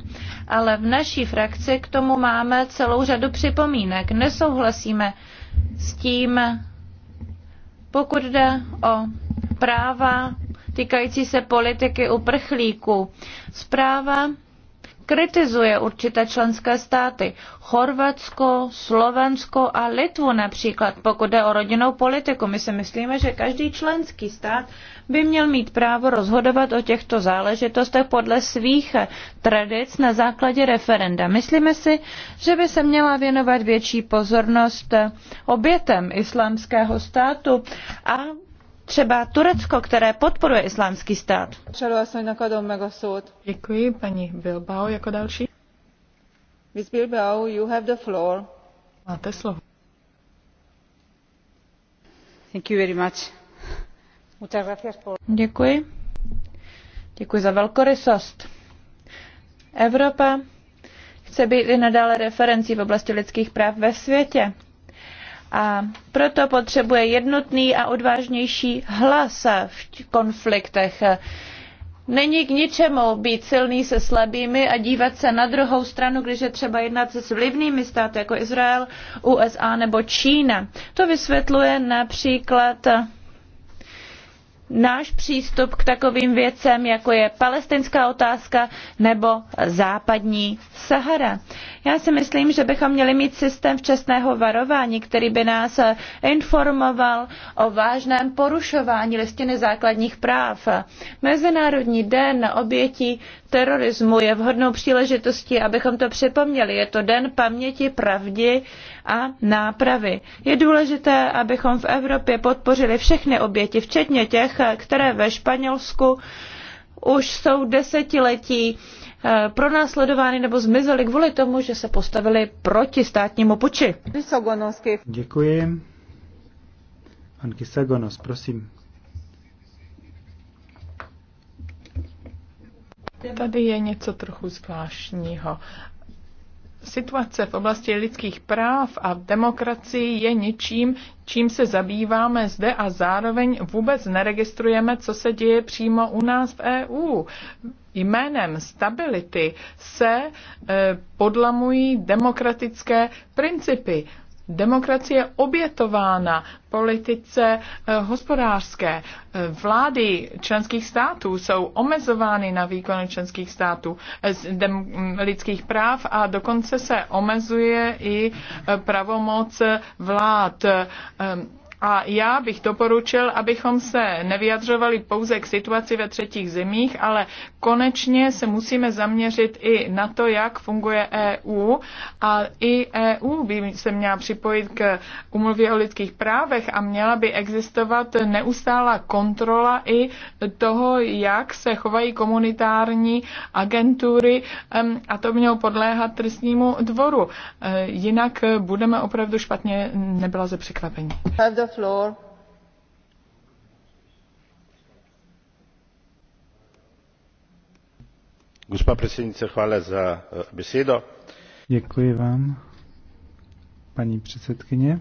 Speaker 1: ale v naší frakci k tomu máme celou řadu připomínek. Nesouhlasíme s tím, pokud jde o práva týkající se politiky uprchlíků. Zpráva kritizuje určité členské státy. Chorvatsko, Slovensko a Litvu například, pokud jde o rodinnou politiku. My si myslíme, že každý členský stát by měl mít právo rozhodovat o těchto záležitostech podle svých tradic na základě referenda. Myslíme si, že by se měla věnovat větší pozornost obětem islámského státu a třeba Turecko, které podporuje
Speaker 3: islámský stát. Děkuji, paní Bilbao jako další.
Speaker 1: Ms. Bilbao, you have the floor.
Speaker 3: Máte slovo. Thank you very much.
Speaker 1: Děkuji. Děkuji za velkorysost. Evropa chce být i nadále referencí v oblasti lidských práv ve světě. A proto potřebuje jednotný a odvážnější hlas v konfliktech. Není k ničemu být silný se slabými a dívat se na druhou stranu, když je třeba jednat se s vlivnými státy jako Izrael, USA nebo Čína. To vysvětluje například náš přístup k takovým věcem, jako je palestinská otázka nebo západní Sahara. Já si myslím, že bychom měli mít systém včasného varování, který by nás informoval o vážném porušování listiny základních práv. Mezinárodní den obětí terorismu je vhodnou příležitostí, abychom to připomněli. Je to den paměti, pravdy a nápravy. Je důležité, abychom v Evropě podpořili všechny oběti, včetně těch, které ve Španělsku už jsou desetiletí eh, pronásledovány nebo zmizely kvůli tomu, že se postavili proti státnímu puči.
Speaker 2: Děkuji. Pan Kisagonos, prosím.
Speaker 3: Tady je něco trochu zvláštního. Situace v oblasti lidských práv a demokracii je něčím, čím se zabýváme zde a zároveň vůbec neregistrujeme, co se děje přímo u nás v EU. Jménem stability se eh, podlamují demokratické principy. Demokracie obětována politice eh, hospodářské. Eh, vlády členských států jsou omezovány na výkon členských států eh, mm, lidských práv a dokonce se omezuje i pravomoc vlád a já bych doporučil, abychom se nevyjadřovali pouze k situaci ve třetích zemích, ale konečně se musíme zaměřit i na to, jak funguje EU. A i EU by se měla připojit k umluvě o lidských právech a měla by existovat neustálá kontrola i toho, jak se chovají komunitární agentury a to mělo podléhat trestnímu dvoru. E, jinak budeme opravdu špatně, nebyla ze překvapení
Speaker 4: gospa predsednica hvala za eh, besedo.
Speaker 2: Děkuji vám, paní předsedkyně.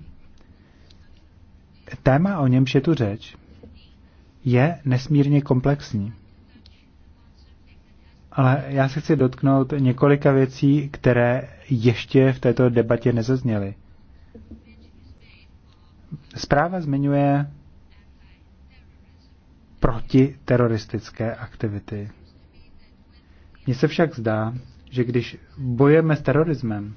Speaker 2: Téma, o němž je tu řeč, je nesmírně komplexní. Ale já se chci dotknout několika věcí, které ještě v této debatě nezazněly. Zpráva zmiňuje protiteroristické aktivity. Mně se však zdá, že když bojujeme s terorismem,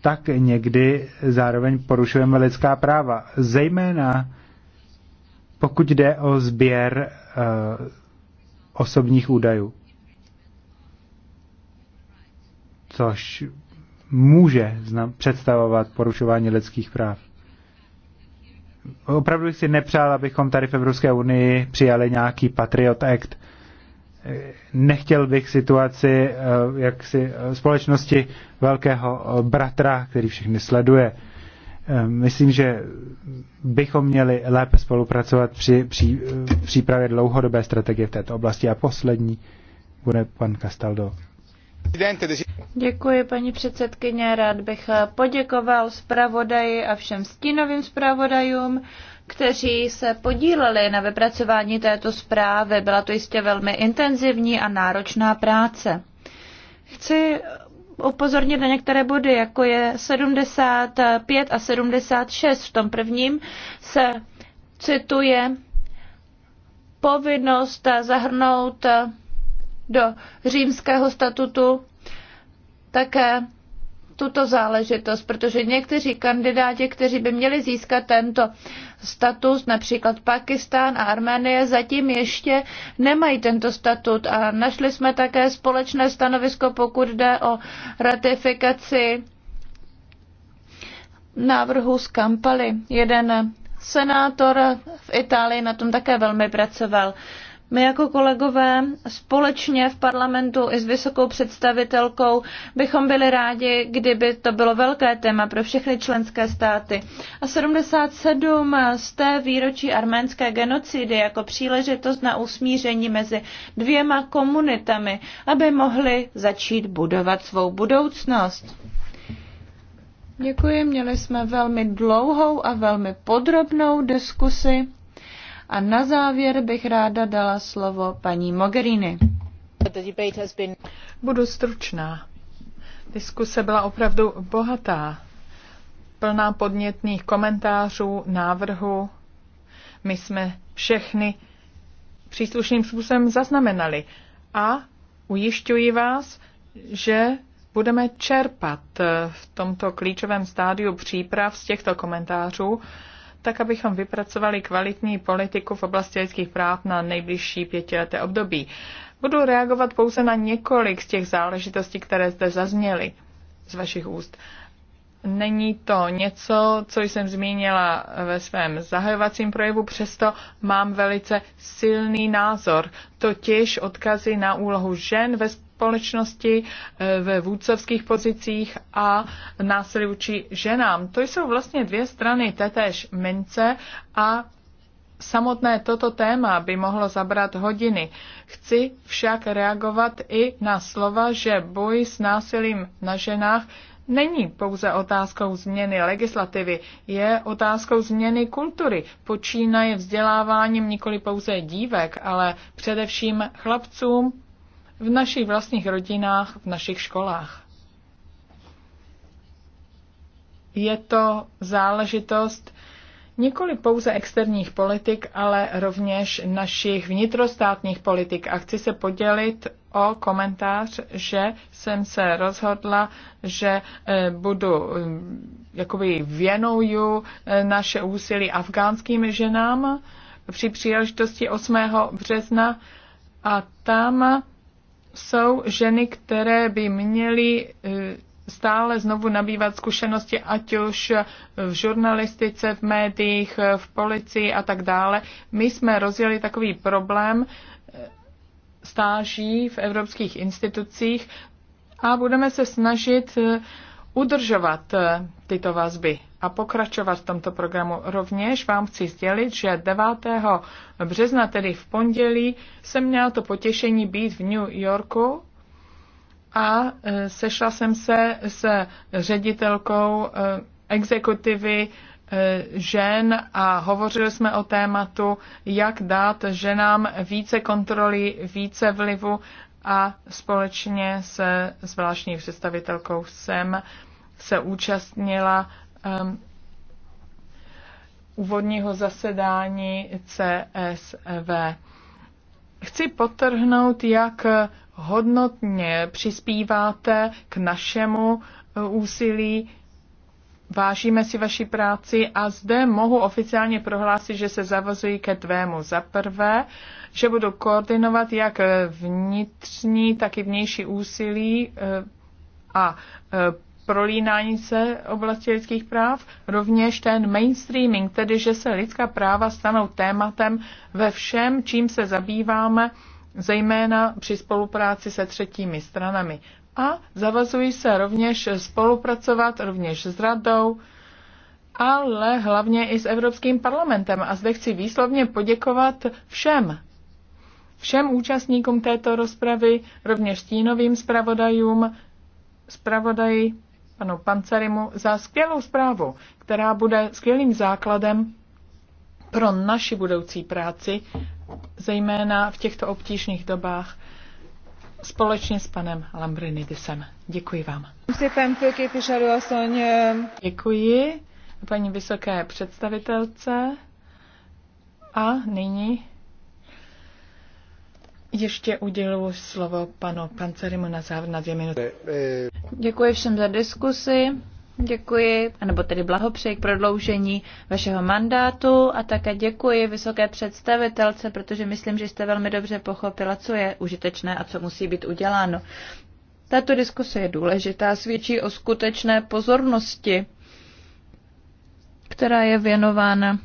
Speaker 2: tak někdy zároveň porušujeme lidská práva. Zejména pokud jde o sběr uh, osobních údajů. Což může představovat porušování lidských práv. Opravdu bych si nepřál, abychom tady v Evropské unii přijali nějaký Patriot Act. Nechtěl bych situaci eh, jaksi eh, společnosti velkého eh, bratra, který všechny sleduje. Myslím, že bychom měli lépe spolupracovat při, při přípravě dlouhodobé strategie v této oblasti. A poslední bude pan Castaldo.
Speaker 1: Děkuji, paní předsedkyně. Rád bych poděkoval zpravodaji a všem stínovým zpravodajům, kteří se podíleli na vypracování této zprávy. Byla to jistě velmi intenzivní a náročná práce. Chci upozornit na některé body, jako je 75 a 76. V tom prvním se cituje povinnost zahrnout do římského statutu také tuto záležitost, protože někteří kandidáti, kteří by měli získat tento status, například Pakistán a Arménie, zatím ještě nemají tento statut a našli jsme také společné stanovisko, pokud jde o ratifikaci návrhu z Kampaly. Jeden senátor v Itálii na tom také velmi pracoval. My jako kolegové společně v parlamentu i s vysokou představitelkou bychom byli rádi, kdyby to bylo velké téma pro všechny členské státy. A 77 z té výročí arménské genocidy jako příležitost na usmíření mezi dvěma komunitami, aby mohli začít budovat svou budoucnost. Děkuji, měli jsme velmi dlouhou a velmi podrobnou diskusi. A na závěr
Speaker 3: bych ráda dala slovo paní Mogherini. Budu stručná. Diskuse byla opravdu bohatá, plná podnětných komentářů, návrhu. My jsme všechny příslušným způsobem zaznamenali. A ujišťuji vás, že budeme čerpat v tomto klíčovém stádiu příprav z těchto komentářů tak abychom vypracovali kvalitní politiku v oblasti lidských práv na nejbližší pětileté období. Budu reagovat pouze na několik z těch záležitostí, které zde zazněly z vašich úst. Není to něco, co jsem zmínila ve svém zahajovacím projevu, přesto mám velice silný názor, totiž odkazy na úlohu žen ve společnosti, eh, ve vůdcovských pozicích a násilí vůči ženám. To jsou vlastně dvě strany tétéž mince a Samotné toto téma by mohlo zabrat hodiny. Chci však reagovat i na slova, že boj s násilím na ženách není pouze otázkou změny legislativy, je otázkou změny kultury. Počínaje vzděláváním nikoli pouze dívek, ale především chlapcům, v našich vlastních rodinách, v našich školách. Je to záležitost nikoli pouze externích politik, ale rovněž našich vnitrostátních politik. A chci se podělit o komentář, že jsem se rozhodla, že eh, budu eh, jakoby věnuju eh, naše úsilí afgánským ženám při příležitosti 8. března a tam jsou ženy, které by měly e, stále znovu nabývat zkušenosti, ať už v žurnalistice, v médiích, e, v policii a tak dále. My jsme rozjeli takový problém e, stáží v evropských institucích a budeme se snažit udržovat eh, tyto vazby a pokračovat v tomto programu. Rovněž vám chci sdělit, že 9. března, tedy v pondělí, jsem měla to potěšení být v New Yorku a eh, sešla jsem se s ředitelkou eh, exekutivy žen a hovořili jsme o tématu, jak dát ženám více kontroly, více vlivu a společně se zvláštní představitelkou jsem se účastnila um, úvodního zasedání CSV. Chci potrhnout, jak hodnotně přispíváte k našemu uh, úsilí. Vážíme si vaši práci a zde mohu oficiálně prohlásit, že se zavazuji ke tvému. Za prvé, uh, že budu koordinovat jak vnitřní, tak i vnější úsilí eh, a eh, prolínání se oblasti lidských práv, rovněž ten mainstreaming, tedy že se lidská práva stanou tématem ve všem, čím se zabýváme, zejména při spolupráci se třetími stranami. A zavazují se rovněž spolupracovat rovněž s radou, ale hlavně i s Evropským parlamentem. A zde chci výslovně poděkovat všem všem účastníkům této rozpravy, rovněž stínovým zpravodajům, zpravodaji panu Pancerimu za skvělou zprávu, která bude skvělým základem pro naši budoucí práci, zejména v těchto obtížných dobách, společně s panem Lambrinidisem. Děkuji vám. Děkuji eh, paní vysoké představitelce a nyní ještě uděluji slovo panu Pancerimu na závěr na dvě minuty. Děkuji všem za diskusi. Děkuji, nebo tedy blahopřeji
Speaker 1: k prodloužení vašeho mandátu a také děkuji vysoké představitelce, protože myslím, že jste velmi dobře pochopila, co je užitečné a co musí být uděláno. Tato diskuse je důležitá, svědčí o skutečné pozornosti, která je věnována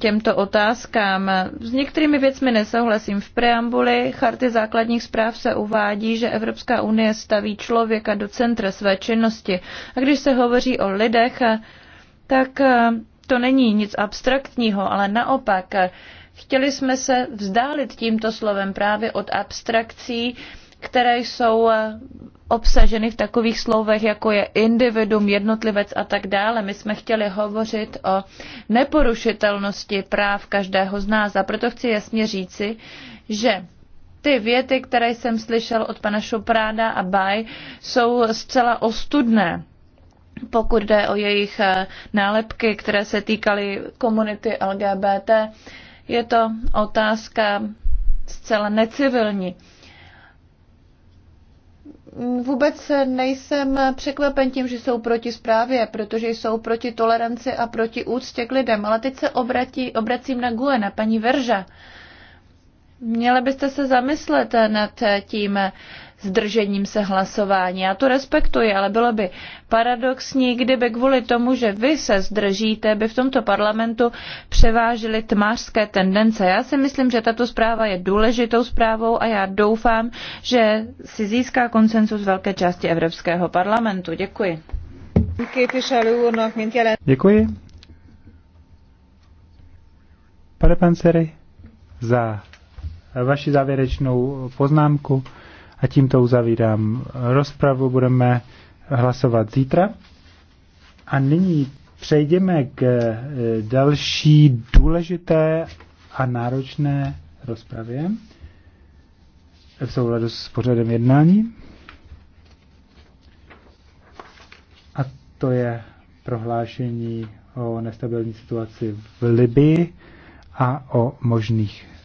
Speaker 1: těmto otázkám. S některými věcmi nesouhlasím. V preambuli Charty základních zpráv se uvádí, že Evropská unie staví člověka do centra své činnosti. A když se hovoří o lidech, tak to není nic abstraktního, ale naopak. Chtěli jsme se vzdálit tímto slovem právě od abstrakcí, které jsou eh, obsaženy v takových slovech, jako je individuum, jednotlivec a tak dále. My jsme chtěli hovořit o neporušitelnosti práv každého z nás a proto chci jasně říci, že ty věty, které jsem slyšel od pana Šopráda a Baj, jsou zcela ostudné pokud jde o jejich eh, nálepky, které se týkaly komunity LGBT, je to otázka zcela necivilní vůbec nejsem překvapen tím, že jsou proti zprávě, protože jsou proti toleranci a proti úctě k lidem. Ale teď se obratí, obracím na Gue, na paní Verža. Měli byste se zamyslet nad tím, zdržením se hlasování. Já to respektuji, ale bylo by paradoxní, kdyby kvůli tomu, že vy se zdržíte, by v tomto parlamentu převážily tmářské tendence. Já si myslím, že tato zpráva je důležitou zprávou a já doufám, že si získá konsensus velké části Evropského parlamentu. Děkuji.
Speaker 2: Děkuji. Pane Pancery, za vaši závěrečnou poznámku. A tímto uzavírám rozpravu, budeme hlasovat zítra. A nyní přejdeme k eh, další důležité a náročné rozpravě v souladu s pořadem jednání. A to je prohlášení o nestabilní situaci v Libii a o možných